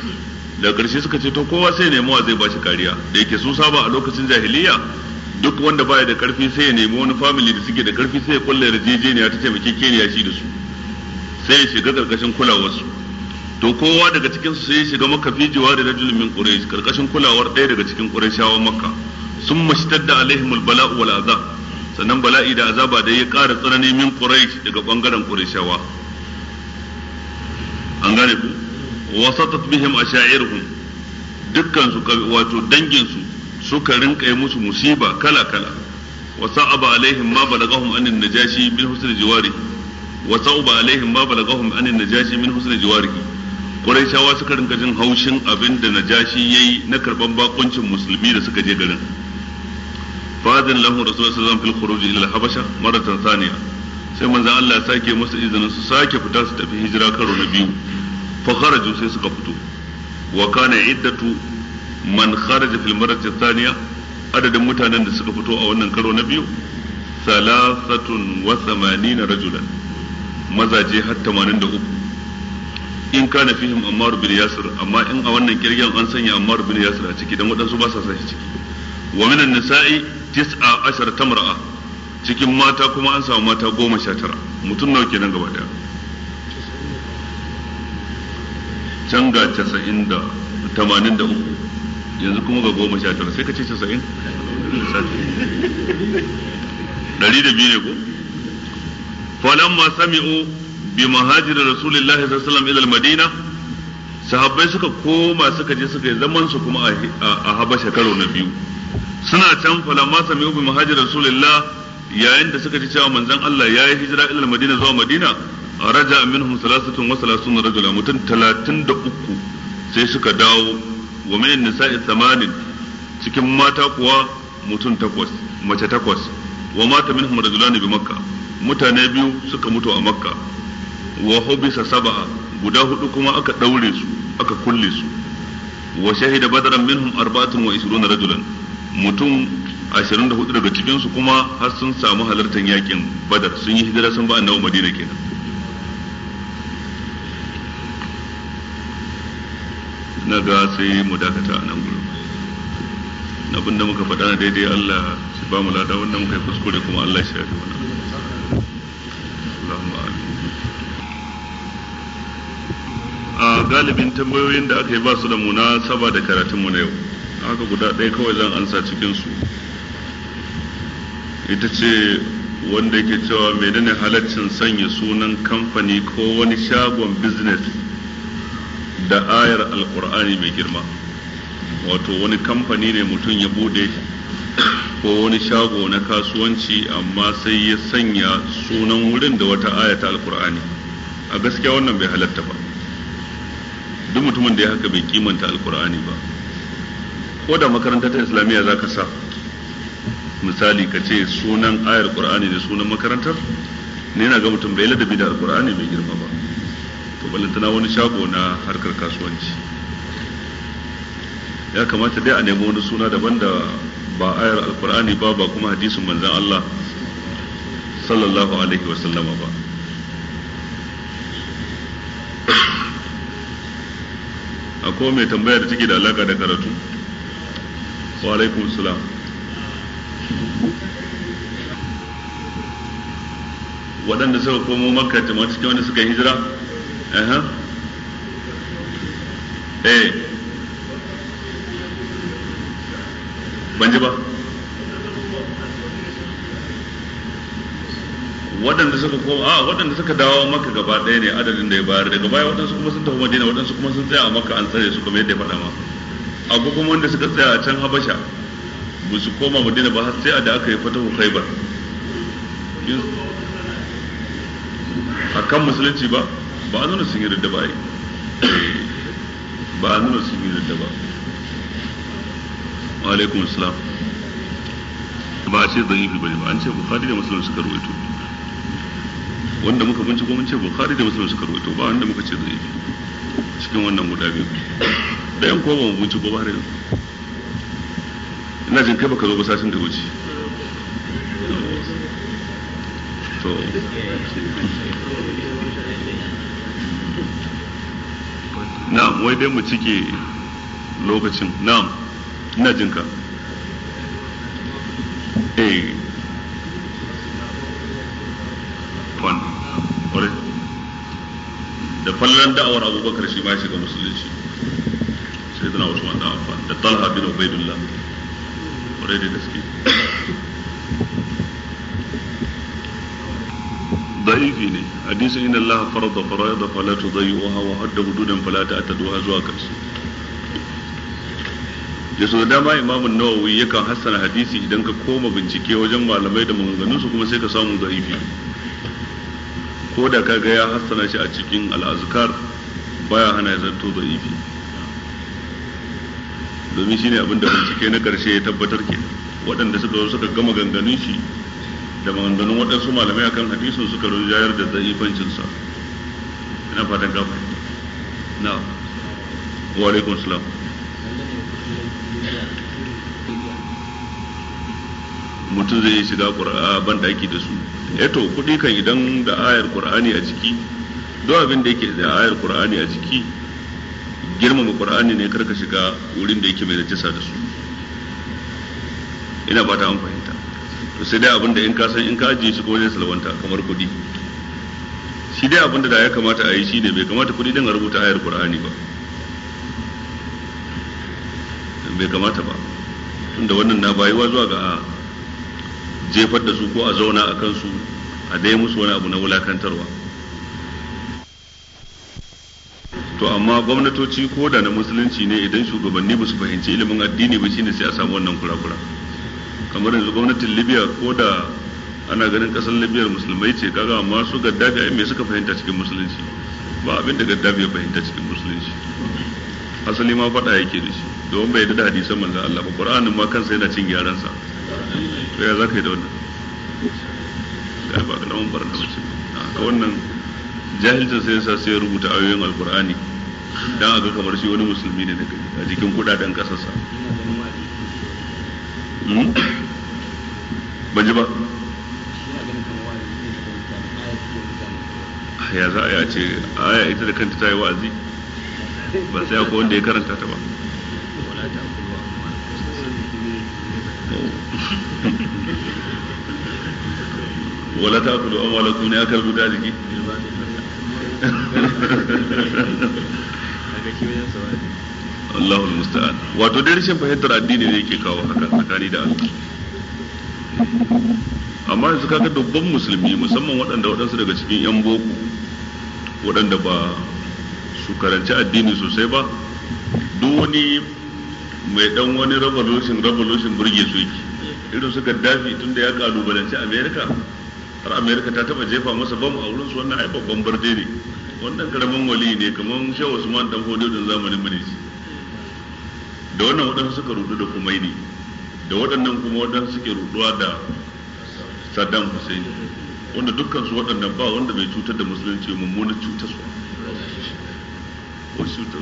da ƙarshe suka ce to kowa sai nemi wa zai bashi kariya da yake su saba a lokacin jahiliya duk wanda baya da karfi sai ya nemi wani family da suke da karfi sai ya kulle jejeniya ta kekeniya shi da su sai ya shiga karkashin kulawarsu to kowa daga cikin su sai ya shiga maka fi jiwari rajul min quraish karkashin kulawar ɗaya daga cikin quraishawa makka sun mashtadda alaihim albala'u wal azab sannan bala'i da azaba da ya ƙara tsanani min quraish daga bangaren quraishawa an gane ku wasatat bihim asha'irhum dukkan su wato dangin su suka rinka musu musiba kala kala wa sa'aba alaihim ma balagahum annin najashi bil husri jiwari wa sauba alaihim ma balagahum an najashi min husn jiwarihi quraishawa suka rinka jin haushin abin da najashi yayi na karban bakuncin musulmi da suka je garin fadin lahu rasulullahi sallallahu alaihi wasallam fil khuruj ila habasha maratan thaniya sai manzo Allah ya sake musu izinin su sake fita su tafi hijira karo na biyu fa kharaju sai suka fito wa kana iddatu man kharaja fil marrati thaniya adadin mutanen da suka fito a wannan karo na biyu salasatun wa 80 rajulan mazaje har 83 in kana fihim ammar bin yasir amma in a wannan kirgen an sanya ammar bin yasir a ciki dan waɗansu ba sa sa shi ciki wa minan nisa'i 19 tamra'a cikin mata kuma an samu mata goma sha tara mutum nawa kenan gaba daya can ga casa'in da tamanin da uku yanzu kuma ga goma sha tara sai ka ce casa'in ɗari da biyu ne ko falamma sami'u bi mahajir rasulullahi sallallahu alaihi wasallam ila madina sahabbai suka koma suka je suka yi zaman su kuma a habasha karo na biyu suna can falamma sami'u bi mahajir rasulillah yayin da suka ji cewa manzon Allah ya yi hijira ila madina zuwa madina raja minhum salasatun wa salasuna rajula mutum 33 sai suka dawo wa min nisa'i thamanin cikin mata kuwa mutum takwas mace takwas wa mata minhum rajulan bi makkah mutane biyu suka mutu a makka wa hubisa saba'a guda hudu kuma aka daure su aka kulle su wa shahida badran minhum arba'atun wa ishruna rajulan mutum 24 daga cikin su kuma har sun samu halartar yakin badar sun yi hijira sun ba annabi madina kenan na ga sai mu dakata a nan gurin abinda muka faɗa na daidai Allah shi ba mu lada wanda muka yi kuskure kuma Allah shi ya fi wani a galibin tambayoyin da aka yi ba su da munasaba da karatunmu na yau haka guda ɗaya kawai zan ansa cikinsu ita ce wanda yake cewa menene halaccin sanya sunan kamfani ko wani shagon business da ayar alkur'ani mai girma wato wani kamfani ne mutum ya bude ko wani shago na kasuwanci amma sai ya sanya sunan wurin da wata ayata alkur'ani a gaskiya wannan bai halatta ba duk mutumin da ya haka bai kimanta alkur'ani ba ko da makarantar ta islamiyya za ka sa misali ka ce sunan ayar qur'ani da sunan makarantar ne na ga mutum bai ladabi da alkur'ani mai girma ba to ballantana wani shago na harkar kasuwanci ya kamata dai a nemi wani suna daban da ba ayar alkur'ani ba ba kuma hadisin manzon Allah sallallahu alaihi wasallama ba akwai mai tambaya da take da alaka da karatu wa alaikum salam waɗanda suka komo makka jama'a cikin wanda suka hijira eh ban ji ba waɗanda suka koma a waɗanda suka dawo maka gaba ɗaya ne adadin da ya bayar daga baya waɗansu kuma sun tafi madina waɗansu kuma sun tsaya a maka an tsare su kuma yadda ya faɗa ma akwai kuma wanda suka tsaya a can habasha ba su koma madina ba har sai a da aka yi fatahu khaibar a kan musulunci ba ba a nuna sun yi da ba yi ba a nuna sun yi da ba alaikum salam ba a ce zan yi bane ba an ce bukhari da musulun suka ruwaito wanda muka binciko mun ce bukhari da muslim suka rawaito ba wanda muka ce zai cikin wannan guda biyu da yan kowa ba mu binciko ba har yanzu ina jin kai baka zo ba sasin da wuce to na'am wai dai mu cike lokacin na'am ina jin ka eh one kwarai da fallan da'awar abubakar shi ma ya shiga musulunci sai da usman da amfa da talha bin ubaidullah kwarai da gaske da'ifi ne hadisin inna allaha farada farada fala tudayyuha wa hadda hududan fala ta'taduha zuwa karshe da so dama imamun nawawi yakan hassana hadisi idan ka koma bincike wajen malamai da su kuma sai ka samu zaifi. ko da ka ga ya hassana shi a cikin al'azukar baya hana ya zanto da ifi domin shine abin da bincike na karshe ya tabbatar ke waɗanda suka zo suka gama ganganin shi da maganganun waɗansu malamai akan hadisin suka rinjayar da zaifancinsa ina fatan gafa na wa alaikum salam mutum zai shiga ban daki da su eto eh kuɗi kan idan da ayar ƙura'ani a ciki don abin da yake da ayar ƙura'ani a ciki girmama ƙura'ani ne karka shiga wurin da yake mai najisa da su ina ba ta an fahimta to sai dai abin da in ka san in ka ajiye shi ko zai salwanta kamar kuɗi shi dai abin da ya kamata a yi shi ne bai kamata kuɗi din a rubuta ayar ƙura'ani ba bai kamata ba tunda wannan na bayuwa zuwa ga jefar da su ko a zauna a kansu a dai musu wani abu na wulakantarwa to amma gwamnatoci ko da na musulunci ne idan shugabanni ba su fahimci ilimin addini ba shine sai a samu wannan kura-kura kamar yanzu gwamnatin libya ko da ana ganin kasar libya musulmai ce kaga amma su gaddafi ai me suka fahimta cikin musulunci ba abin da gaddafi ya fahimta cikin musulunci asali ma faɗa yake da shi domin bai da hadisan manzon Allah ba Qur'anin ma kansa yana cin gyaran sa ya za ka yi da wannan ya ba alamun barna mace a wannan jahilcin sai yasa sai ya rubuta ayoyin alkur'ani dan aga kamar shi wani musulmi ne daga a jikin kudaden kasarsa hmm? ba ji ba ah, ya za a ce aya ita da kanta ta yi wa'azi ba sai akwai wanda ya karanta ta ba wala ta kudu an wala kuna ya kalbu da jiki Allahul musta'an wato dai rashin fahimtar addini ne yake kawo haka tsakani da Allah amma yanzu kaga dubban musulmi musamman waɗanda waɗansu daga cikin 'yan boko waɗanda ba su karanci addini sosai ba duk wani mai dan wani revolution revolution burge su yake irin su gaddafi tun da ya kalubalanci america har america ta taba jefa masa bam a wurin su wannan ai babban barde ne wannan karaman wali ne kamar shehu usman dan hodo din zamanin mu ne da wannan waɗansu suka rudu da kumaini da waɗannan kuma waɗansu suke ruduwa da saddam hussein wanda dukkan su waɗannan ba wanda bai cutar da musulunci mummunan cutar su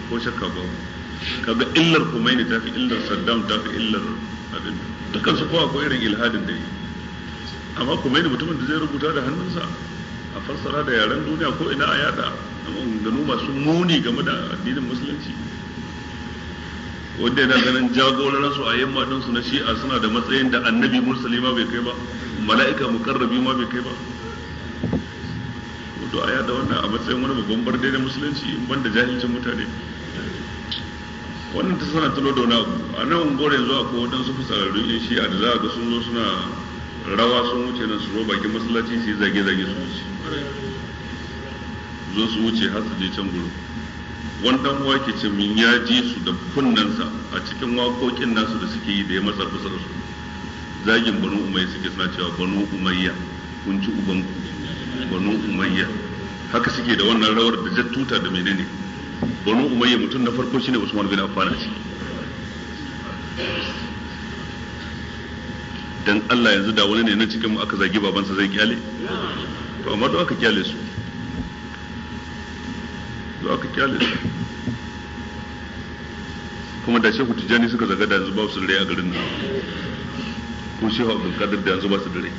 ko shakka ba kaga illar Khomeini ta fi illar Saddam ta fi illar abin da kansu kowa ko irin ilhadin da yi amma Khomeini mutumin da zai rubuta da hannunsa a fassara da yaren duniya ko ina a yada gano masu muni game da addinin musulunci wanda yana ganin jagororin su a yamma din su na shi'a suna da matsayin da annabi mursali ma bai kai ba mala'ika mukarrabi ma bai kai ba to a yada wannan a matsayin wani babban barde na musulunci in banda jahilcin mutane wannan ta sana talo da wani abu a nan unguwar yanzu akwai waɗansu fitsararru shi a da za a ga sun zo suna rawa sun wuce nan su zo bakin masallaci su yi zage-zage su wuce zo su wuce har su je can gudu wani dan uwa ke ce min ya ji su da kunnensa a cikin waƙoƙin nasu da suke yi da ya matsar kusa su zagin banu umayya suke suna cewa banu umayya kun ci ku banu umayya haka suke da wannan rawar da jattuta da menene banu umayya mutum na farko shine usman bin affan ce dan Allah yanzu da wani ne na cikin mu aka zagi babansa zai kyale to amma to aka kyale su to aka kyale su kuma da shehu tijani suka zaga da yanzu ba su dare a garin nan ko shehu abdul kadir da yanzu ba su dare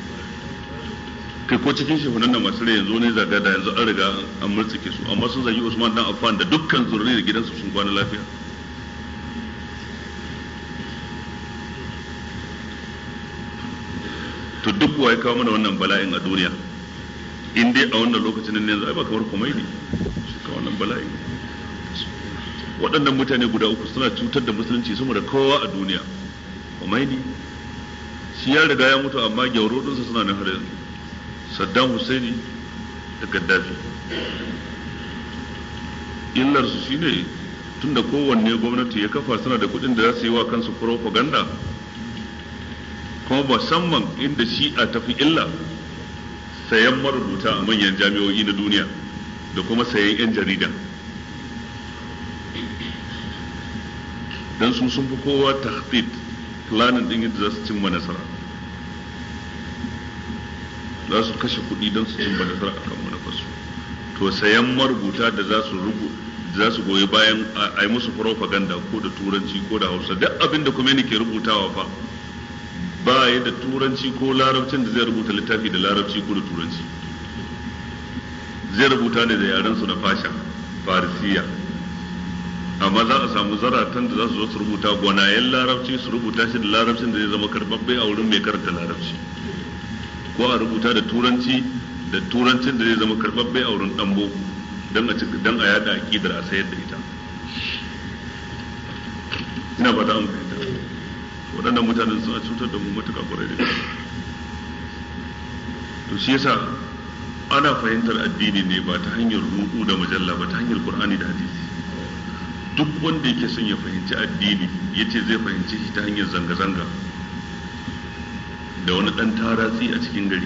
kai ko cikin shafinan da masu rai yanzu ne zaga da yanzu an riga an murtsike su amma sun zagi Usman dan Affan da dukkan da gidansu sun kwana lafiya to duk wa ya kawo mana wannan bala'in a duniya in dai a wannan lokacin ne yanzu ai ba kamar komai ne su kawo wannan bala'in waɗannan mutane guda uku suna cutar da musulunci sama da kowa a duniya komai ne shi ya riga ya mutu amma gyauro ɗinsa suna nan har yanzu saddam husaini da gaddafi illarsu shine tunda kowanne gwamnati ya kafa suna da kudin da za su yi wa kansu propaganda kuma musamman inda shi a tafi illa sayan marubuta a manyan jami'o'i na duniya da kuma sayan 'yan jarida don su sun fi kowa tahdid planning din yadda za su cimma nasara za su kashe kuɗi don su cimma nasara a kan manufarsu to sayan marubuta da za su za su goyi bayan a yi musu propaganda ko da turanci ko da hausa duk abin da kuma ke rubutawa fa ba ya da turanci ko larabcin da zai rubuta littafi da larabci ko da turanci zai rubuta ne da yaren su na fasha farisiya amma za a samu zaratan da za su zo su rubuta gwanayen larabci su rubuta shi da larabcin da zai zama karɓaɓɓe a wurin mai karanta larabci ko a rubuta da turanci da turancin da zai zama karɓaɓɓe a wurin ɗan don a ci don a yada aƙidar a sayar da ita ina ba ta amfani waɗannan mutanen suna cutar da mu matuƙa ƙwarai da to shi yasa ana fahimtar addini ne ba ta hanyar ruɗu da majalla ba ta hanyar qur'ani da hadisi duk wanda yake son ya fahimci addini yace zai fahimci shi ta hanyar zanga-zanga da wani ɗan tarasi a cikin gari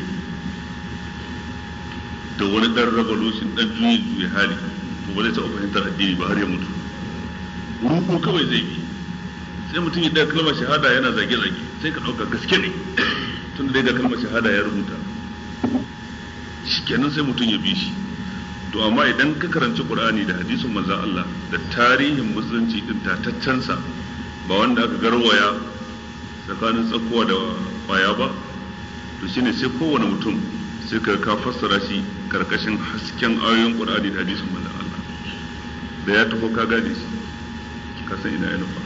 da wani ɗan revolution ɗan juyi juya hali to ba zai taɓa fahimtar addini ba har ya mutu ruku kawai zai yi sai mutum ya da kalmar shahada yana zage-zage sai ka ɗauka gaske ne tun da da kalmar shahada ya rubuta shikenan sai mutum ya bi shi to amma idan ka karanci qur'ani da hadisin manzon Allah da tarihin musulunci din tatattansa ba wanda aka garwaya tsakanin tsakuwa da kwaya ba to shine sai kowane mutum sai ka ka fassara shi karkashin hasken ayoyin qur'ani da hadisin manzon Allah da ya tafi ka gane shi ka san ina ya fa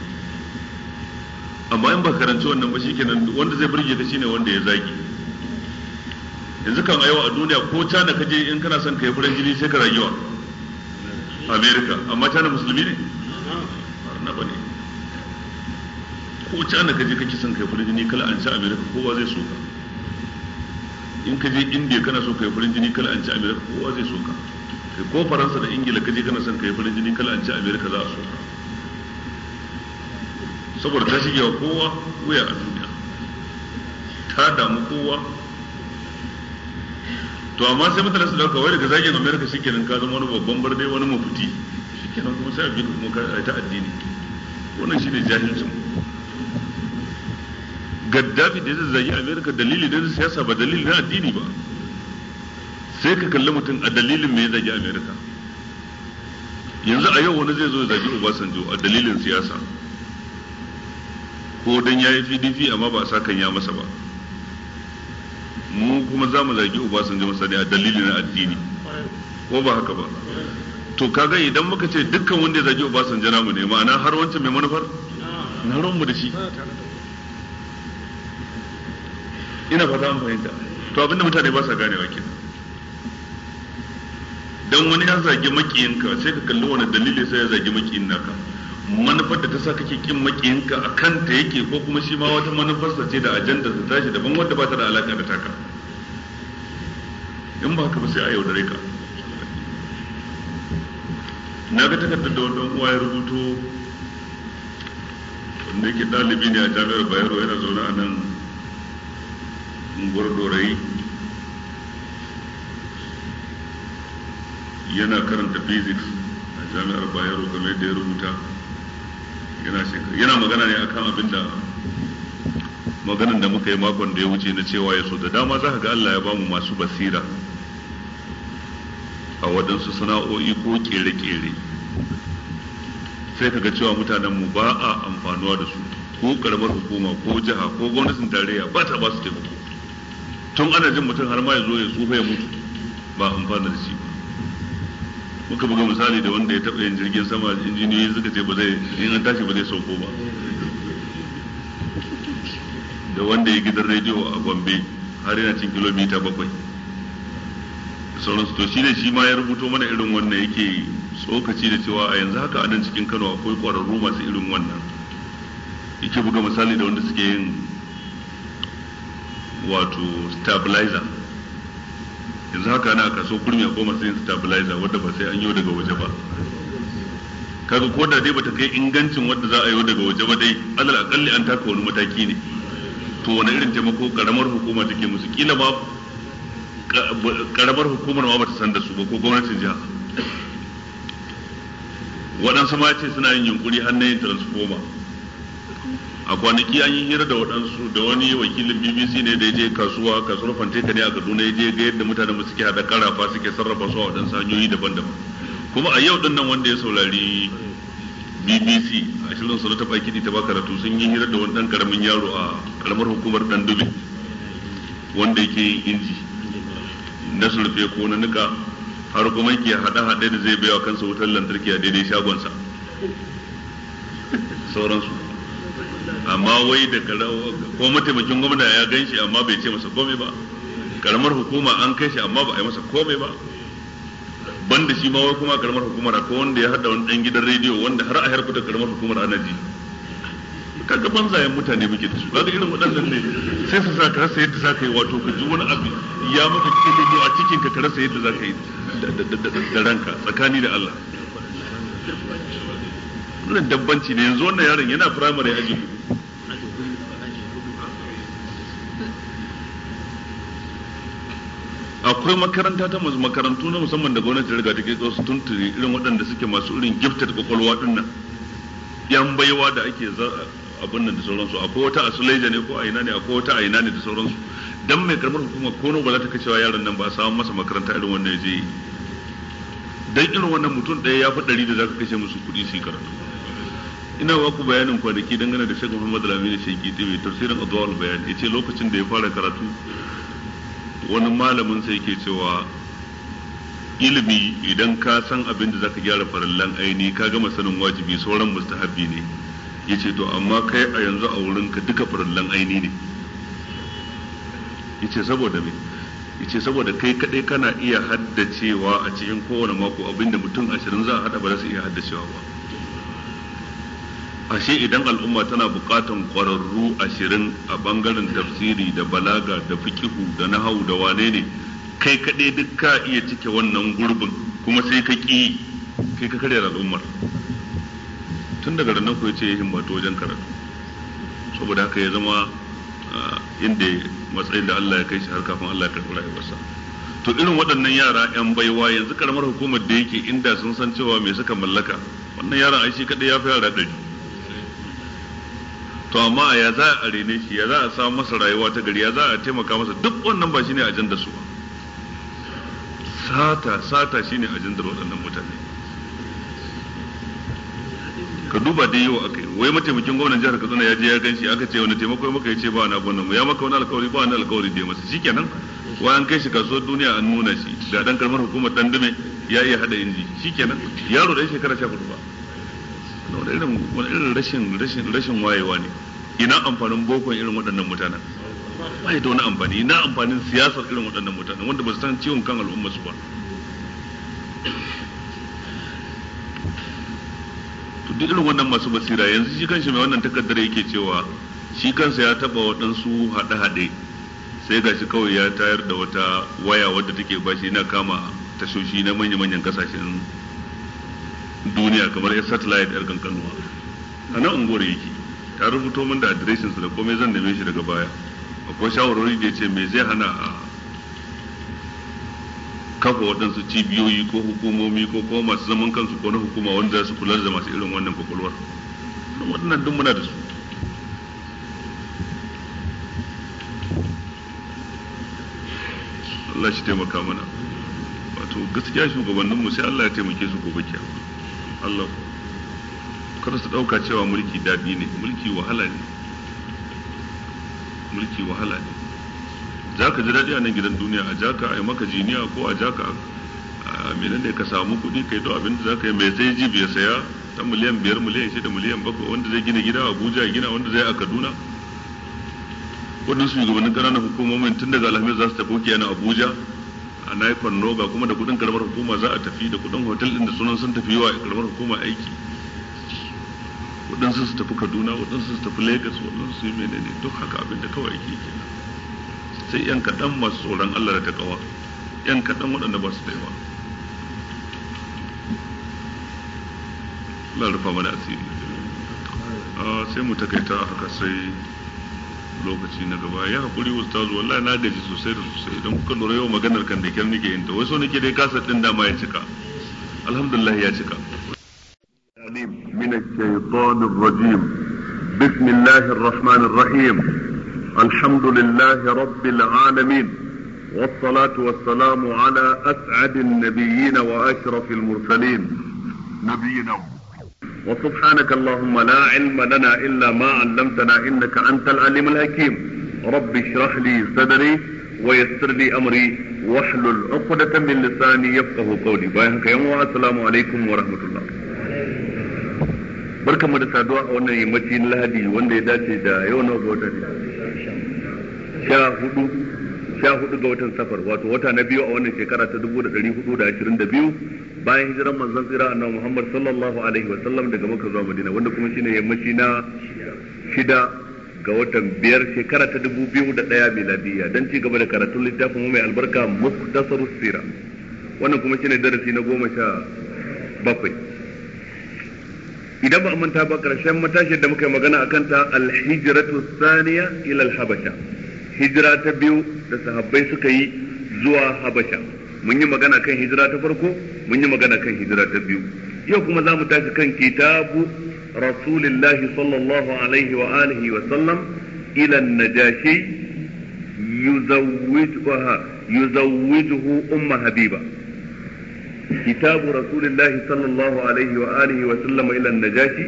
amma in ba karanci wannan ba shikenan wanda zai burge ka shine wanda ya zagi yanzu kan a a duniya ko cana ka je in kana son ka yi jini sai ka rayuwa america amma cana musulmi ne na bane ko cana ka je kake son kai farin jini kala an ci amerika kowa zai so ka in ka je indiya kana so kai farin jini kala an ci amerika kowa zai so ka kai ko faransa da ingila ka je kana son kai farin jini kala an ci amerika za a so ka saboda ta shige wa kowa wuya a duniya ta damu kowa to amma sai mutane su dauka wai daga zagin america shikenan ka zama wani babban barde wani mafuti shikenan kuma sai a bi kuma ta addini wannan shine jahilcin mu gaddafi da zai zagi amerika dalili da siyasa ba dalili na addini ba sai ka kalli mutum a dalilin me ya zagi amerika yanzu a yau wani zai zo ya zagi obasanjo a dalilin siyasa ko dan yi pdp amma ba a sa kan ya masa ba mu kuma za mu zagi obasanjo masa ne a dalilin addini ko ba haka ba to kaga idan muka ce dukkan wanda ya zagi obasanjo namu ne ma'ana har wancan mai manufar na mu da shi ina fata an fahimta to abinda mutane ba sa gane wa ke dan wani ya zagi makiyinka sai ka kalli wani dalili sai ya zagi makiyin naka manufar da ta sa kake kin makiyinka a ta yake ko kuma shi ma wata manufarsa ce da ajanda ta tashi daban wadda ba ta da alaka da taka in ba haka ba sai a yaudare ka na ga takardar da wani uwa ya rubuto wanda yake ɗalibi ne a jami'ar bayero yana zaune a nan unguwar dorayi yana karanta physics a jami'ar bayero game da ya rubuta yana magana ne akan abin da Maganin da muka yi makon da ya wuce na cewa ya so da dama za ka ga Allah ya bamu masu basira a waɗansu sana'o'i ko ƙere-ƙere sai ka ga cewa mu ba a amfanuwa da su ko karamar hukuma ko jiha ko gwamnatin tarayya ba ta ba su taimako tun ana jin mutum har ma ya zo ya tsufa ya mutu ba amfana da shi ba muka buga misali da wanda ya taɓa yin jirgin sama injiniyoyi suka ce ba zai in an tashi ba zai sauko ba da wanda ya gidan rediyo a gombe har yana cin kilomita bakwai sauransu to shi ne shi ma ya rubuto mana irin wannan yake tsokaci da cewa a yanzu haka a nan cikin kano akwai ƙwararru masu irin wannan yake buga misali da wanda suke yin wato stabilizer yanzu haka ana kaso kurmi goma sai yin stabilizer wadda ba sai an yi daga waje ba kaga ko da dai bata kai ingancin wadda za a yi daga waje ba dai alal akalli an taka wani mataki ne to wani irin taimako karamar hukuma take musu kila ma karamar hukumar ma bata san da su ba ko gwamnatin jiha waɗansu ma ce suna yin yunkuri har na yin transformer a kwanaki an yi hira da waɗansu da wani wakilin bbc ne da ya je kasuwa kasuwar fanteka ne a kaduna ya je ga yadda mutanen suke hada karafa suke sarrafa su a waɗansu hanyoyi daban-daban kuma a yau dinnan wanda ya saurari bbc a shirin su ta baki ta ba karatu sun yi hira da wani ɗan karamin yaro a karamar hukumar dandube wanda yake yin inji na surfe ko na nika har kuma ke haɗa haɗe da zai baiwa kansa wutar lantarki a daidai shagonsa sauransu amma wai da ko mataimakin gwamna ya gan shi amma bai ce masa komai ba karamar hukuma an kai shi amma ba a yi masa komai ba banda shi ma wai kuma karamar hukumar ko wanda ya hada wani dan gidan rediyo wanda har a harfi da karamar hukumar ana ji kaga banzayen mutane muke da su kaga irin waɗannan ne sai su sa ka rasa yadda za ka yi wato ka ji wani abu ya maka kilo a cikin ka ka rasa yadda za ka yi da ranka tsakani da Allah wannan dabbanci ne yanzu wannan yaron yana firamare aji akwai makaranta ta masu makarantu na musamman da gwamnati riga take kai su tunturi irin waɗanda suke masu irin gifted kwakwalwa din nan yan baiwa da ake abin nan da sauransu akwai wata a sulaija ne ko a ina ne akwai wata a ina ne da sauransu dan mai karamar hukuma ko ba za ta wa yaran nan ba a samu masa makaranta irin wannan ya je dan irin wannan mutum ɗaya ya fi ɗari da za ka kashe musu kuɗi su yi karatu ina ba ku bayanin kwanaki dangane da shek muhammad lamini sheki mai tafsirin adwal bayani ya ce lokacin da ya fara karatu wani malamin sai ke cewa ilimi idan ka san abin da zaka gyara farallan aini ka gama sanin wajibi sauran mustahabi ne yace to amma kai a yanzu a wurin ka duka farallan aini ne yace saboda me yace saboda kai kadai kana iya haddacewa a cikin kowane mako abinda mutum ashirin za a hada ba za su iya haddacewa ba ashe idan al'umma tana bukatan kwararru ashirin a bangaren tafsiri da balaga da fikihu da nahawu da wane ne kai kaɗai duk ka iya cike wannan gurbin kuma sai ka ƙi kai ka karya al'ummar tun daga ranar ku ce yin wato wajen karatu saboda haka ya zama inda matsayin da Allah ya kai shi har kafin Allah ya karɓi rayuwarsa to irin waɗannan yara 'yan baiwa yanzu karamar hukumar da yake inda sun san cewa me suka mallaka wannan yaran ai shi kaɗai ya fi yara ɗari to amma ya za a rene shi ya za a samu masa rayuwa ta gari ya za a taimaka masa duk wannan ba shine ajandar su sata sata shine ajandar waɗannan mutane ka duba dai yau akai wai mataimakin gwamnan jihar Katsina ya je ya ganshi aka ce wani taimako maka ya ce ba na gwamnan ya maka wani alkawari ba wani alkawari da masa shikenan wai an kai shi kasuwar duniya an nuna shi ga dan karamar hukumar dandume ya iya hada inji shikenan yaro da shekara hudu ba wani irin rashin rashin rashin wayewa ne ina amfanin bokon irin waɗannan mutanen bai da wani amfani ina amfanin siyasar irin waɗannan mutanen wanda ba su san ciwon kan al'umma su ba to duk irin wannan masu basira yanzu shi kanshi mai wannan takardar yake cewa shi kansa ya taba waɗansu haɗe-haɗe sai ga shi kawai ya tayar da wata waya wadda take bashi na kama tashoshi na manya-manyan kasashen duniya kamar ya satellite yar kankanuwa a nan unguwar yake ta rubuto min da adireshin su da komai zan neme shi daga baya akwai shawarwari da ya ce me zai hana a kafa waɗansu cibiyoyi ko hukumomi ko kuma masu zaman kansu ko na hukuma wanda za su kula da masu irin wannan kwakwalwar waɗannan duk muna da su Allah shi taimaka mana wato gaskiya shugabanninmu sai Allah ya taimake su gobe kyau. Allah kada su ɗauka cewa mulki daɗi ne mulki wahala ne mulki wahala ne za ka ji daɗi a nan gidan duniya a ja ka a yi maka jiniya ko a ja ka a ne ka samu kuɗi ka yi to abin da za ka yi mai zai ji bai saya ta miliyan biyar miliyan shida miliyan bakwai wanda zai gina gida a abuja gina wanda zai a kaduna waɗansu shugabannin ƙananan hukumomin tun daga alhamis za su tafi kiyana abuja a naifan noga kuma da kudin karamar hukuma za a tafi da kudin hotel din da sunan sun tafi wa karamar hukuma aiki waɗansu su tafi kaduna waɗansu su tafi lagos waɗansu su yi menene duk haka abin da kawai ake kenan sai yan kaɗan masu tsoron allah da takawa yan kaɗan waɗanda ba su da yawa Allah mana asiri ah, sai mu takaita haka sai lokaci na gaba ya hakuri ustaz wallahi na gaji sosai da sosai idan kuka lura yau maganar kan da kyan nake yin ta wai so nake dai kasa din dama ya cika alhamdulillah ya cika من الشيطان الرجيم بسم الله الرحمن الرحيم الحمد لله رب العالمين والصلاة والسلام على أسعد النبيين وأشرف المرسلين نبينا محمد وسبحانك اللهم لا علم لنا إلا ما علمتنا إنك أنت العليم الحكيم رب اشرح لي صدري ويسر لي أمري واحلل عقدة من لساني يفقه قولي بايعك يوم السلام عليكم ورحمة الله barkan mu da saduwa a wannan yammacin lahadi wanda ya dace da yau na gota ne sha hudu sha hudu ga watan safar wato wata na biyu a wannan shekara ta dubu da dari hudu da ashirin da biyu bayan hijiran manzon tsira annabi Muhammad sallallahu alaihi wa sallam daga Makka zuwa Madina wanda kuma shine yammaci na shida ga watan biyar shekara ta dubu biyu da ɗaya miladiyya don ci gaba da karatun littafin mai albarka muktasarus sira wannan kuma shine darasi na goma sha bakwai idan ba a manta ba karshen matashi da muka yi magana akan ta alhijratu saniya ila alhabasha hijira ta biyu da sahabbai suka yi zuwa habasha mun yi magana kan hijira ta farko mun yi magana kan hijira ta biyu yau kuma za mu tashi kan kitabu rasulillahi sallallahu alaihi wa alihi wa sallam ila najashi yuzawwijuhu umma habiba kitabu rasulillahi sallallahu alaihi wa alihi wa sallam ila najashi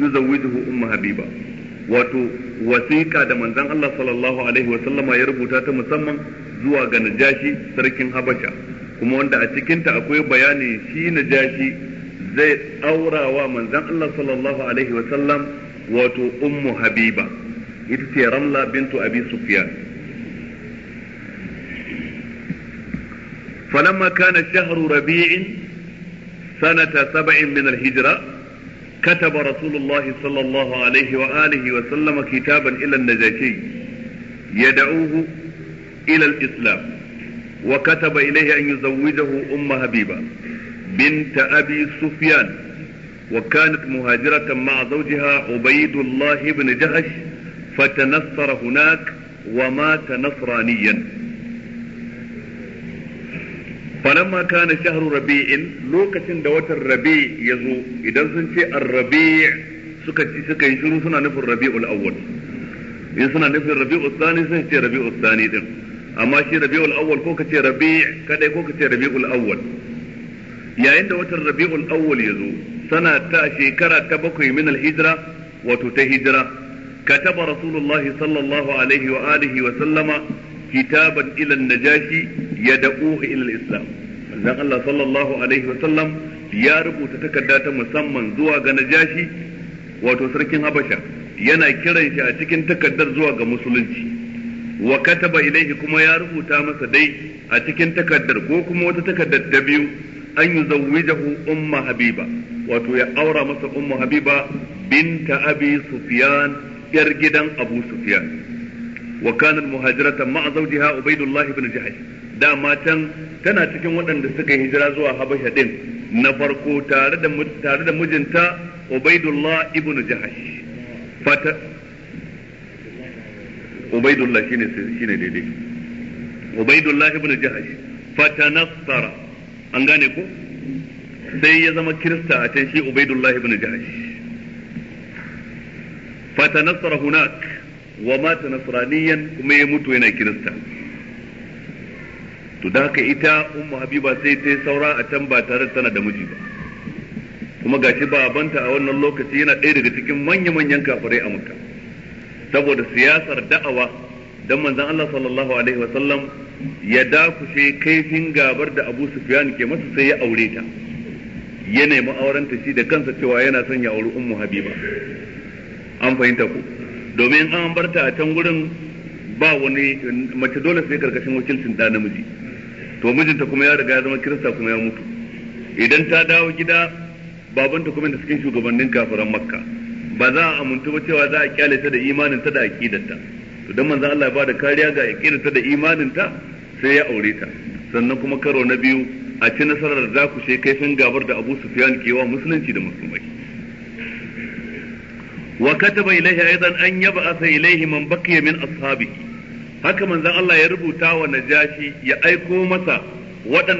yuzawwijuhu umma habiba wato wasiƙa da manzon Allah sallallahu alaihi wa ya rubuta ta musamman zuwa ga Najashi sarkin Habasha kuma wanda a cikinta akwai bayani shi Najashi zai aurawa manzan Allah sallallahu alaihi wa sallam wato ummu Habiba ita ce Ramla bintu Abi Sufyan فلما كان Rabi'in sanata saba'in min al-hijra. كتب رسول الله صلى الله عليه وآله وسلم كتابا إلى النجاشي يدعوه إلى الإسلام وكتب إليه أن يزوجه أم حبيبة بنت أبي سفيان وكانت مهاجرة مع زوجها عبيد الله بن جهش فتنصر هناك ومات نصرانيا falamma kana shahru rabi'in lokacin da watan rabi ya zo idan sun ce ar-rabi' suka yi shiru suna nufin rabi'ul awwal in suna nufin rabi'ul thani sai ce rabi'ul thani din amma shi rabi'ul awwal ko kace rabi' kadai ko kace rabi'ul awwal yayin da watan rabi'u awwal ya zo sana ta shekara ta bakwai min al-hijra wato ta hijira kataba rasulullahi sallallahu alaihi wa wa kitaban ilan najashi yad'uhu ila al-islam manzon Allah sallallahu alaihi wa sallam ya rubuta takarda ta musamman zuwa ga najashi wato sarkin habasha yana kiran shi a cikin takardar zuwa ga musulunci wa kataba ilaihi kuma ya rubuta masa dai a cikin takardar ko kuma wata takardar ta biyu an yi zawwijahu umma habiba wato ya aura masa umma habiba binta abi sufyan yar gidan abu sufyan wa kana muhajiratan ma'a zawjiha ubaidullah ibn jahash Da matan tana cikin waɗanda suka hijira zuwa habasha din na farko tare da tare da mijinta ubaidullah ibn jahash fata ubaidullah shine shine daidai ubaidullah ibn jahash fatanassara an gane ko sai ya zama kirista a can shi ubaidullah ibn jahash fatanassara hunak wa mata nasraniyan kuma ya mutu yana kirista to da haka ita umma habiba sai ta yi saura a can ba tare tana da miji ba kuma gashi babanta a wannan lokaci yana ɗaya daga cikin manya-manyan kafirai a makka saboda siyasar da'awa dan manzon Allah sallallahu alaihi wa sallam ya dakushe kaifin gabar da Abu Sufyan ke masa sai ya aure ta ya nemi aurenta shi da kansa cewa yana son ya auri ummu habiba an fahimta ku domin an barta a can gurin ba wani mace dole sai karkashin wakilcin da namiji to mijinta kuma ya riga ya zama kirista kuma ya mutu idan ta dawo gida babanta kuma da cikin shugabannin kafiran makka ba za a amintu ba cewa za a kyale ta da imanin ta da aqidarta to dan manzon Allah ya bada kariya ga aqidarta da imanin ta sai ya aure ta sannan kuma karo na biyu a ci nasarar za ku kaifin gabar da Abu Sufyan ke wa musulunci da musulmai wa kataba ilaihi aidan an yaba yab'atha ilaihi man baqiya min ashabihi haka manzon Allah ya rubuta wa najashi ya aiko masa waɗanda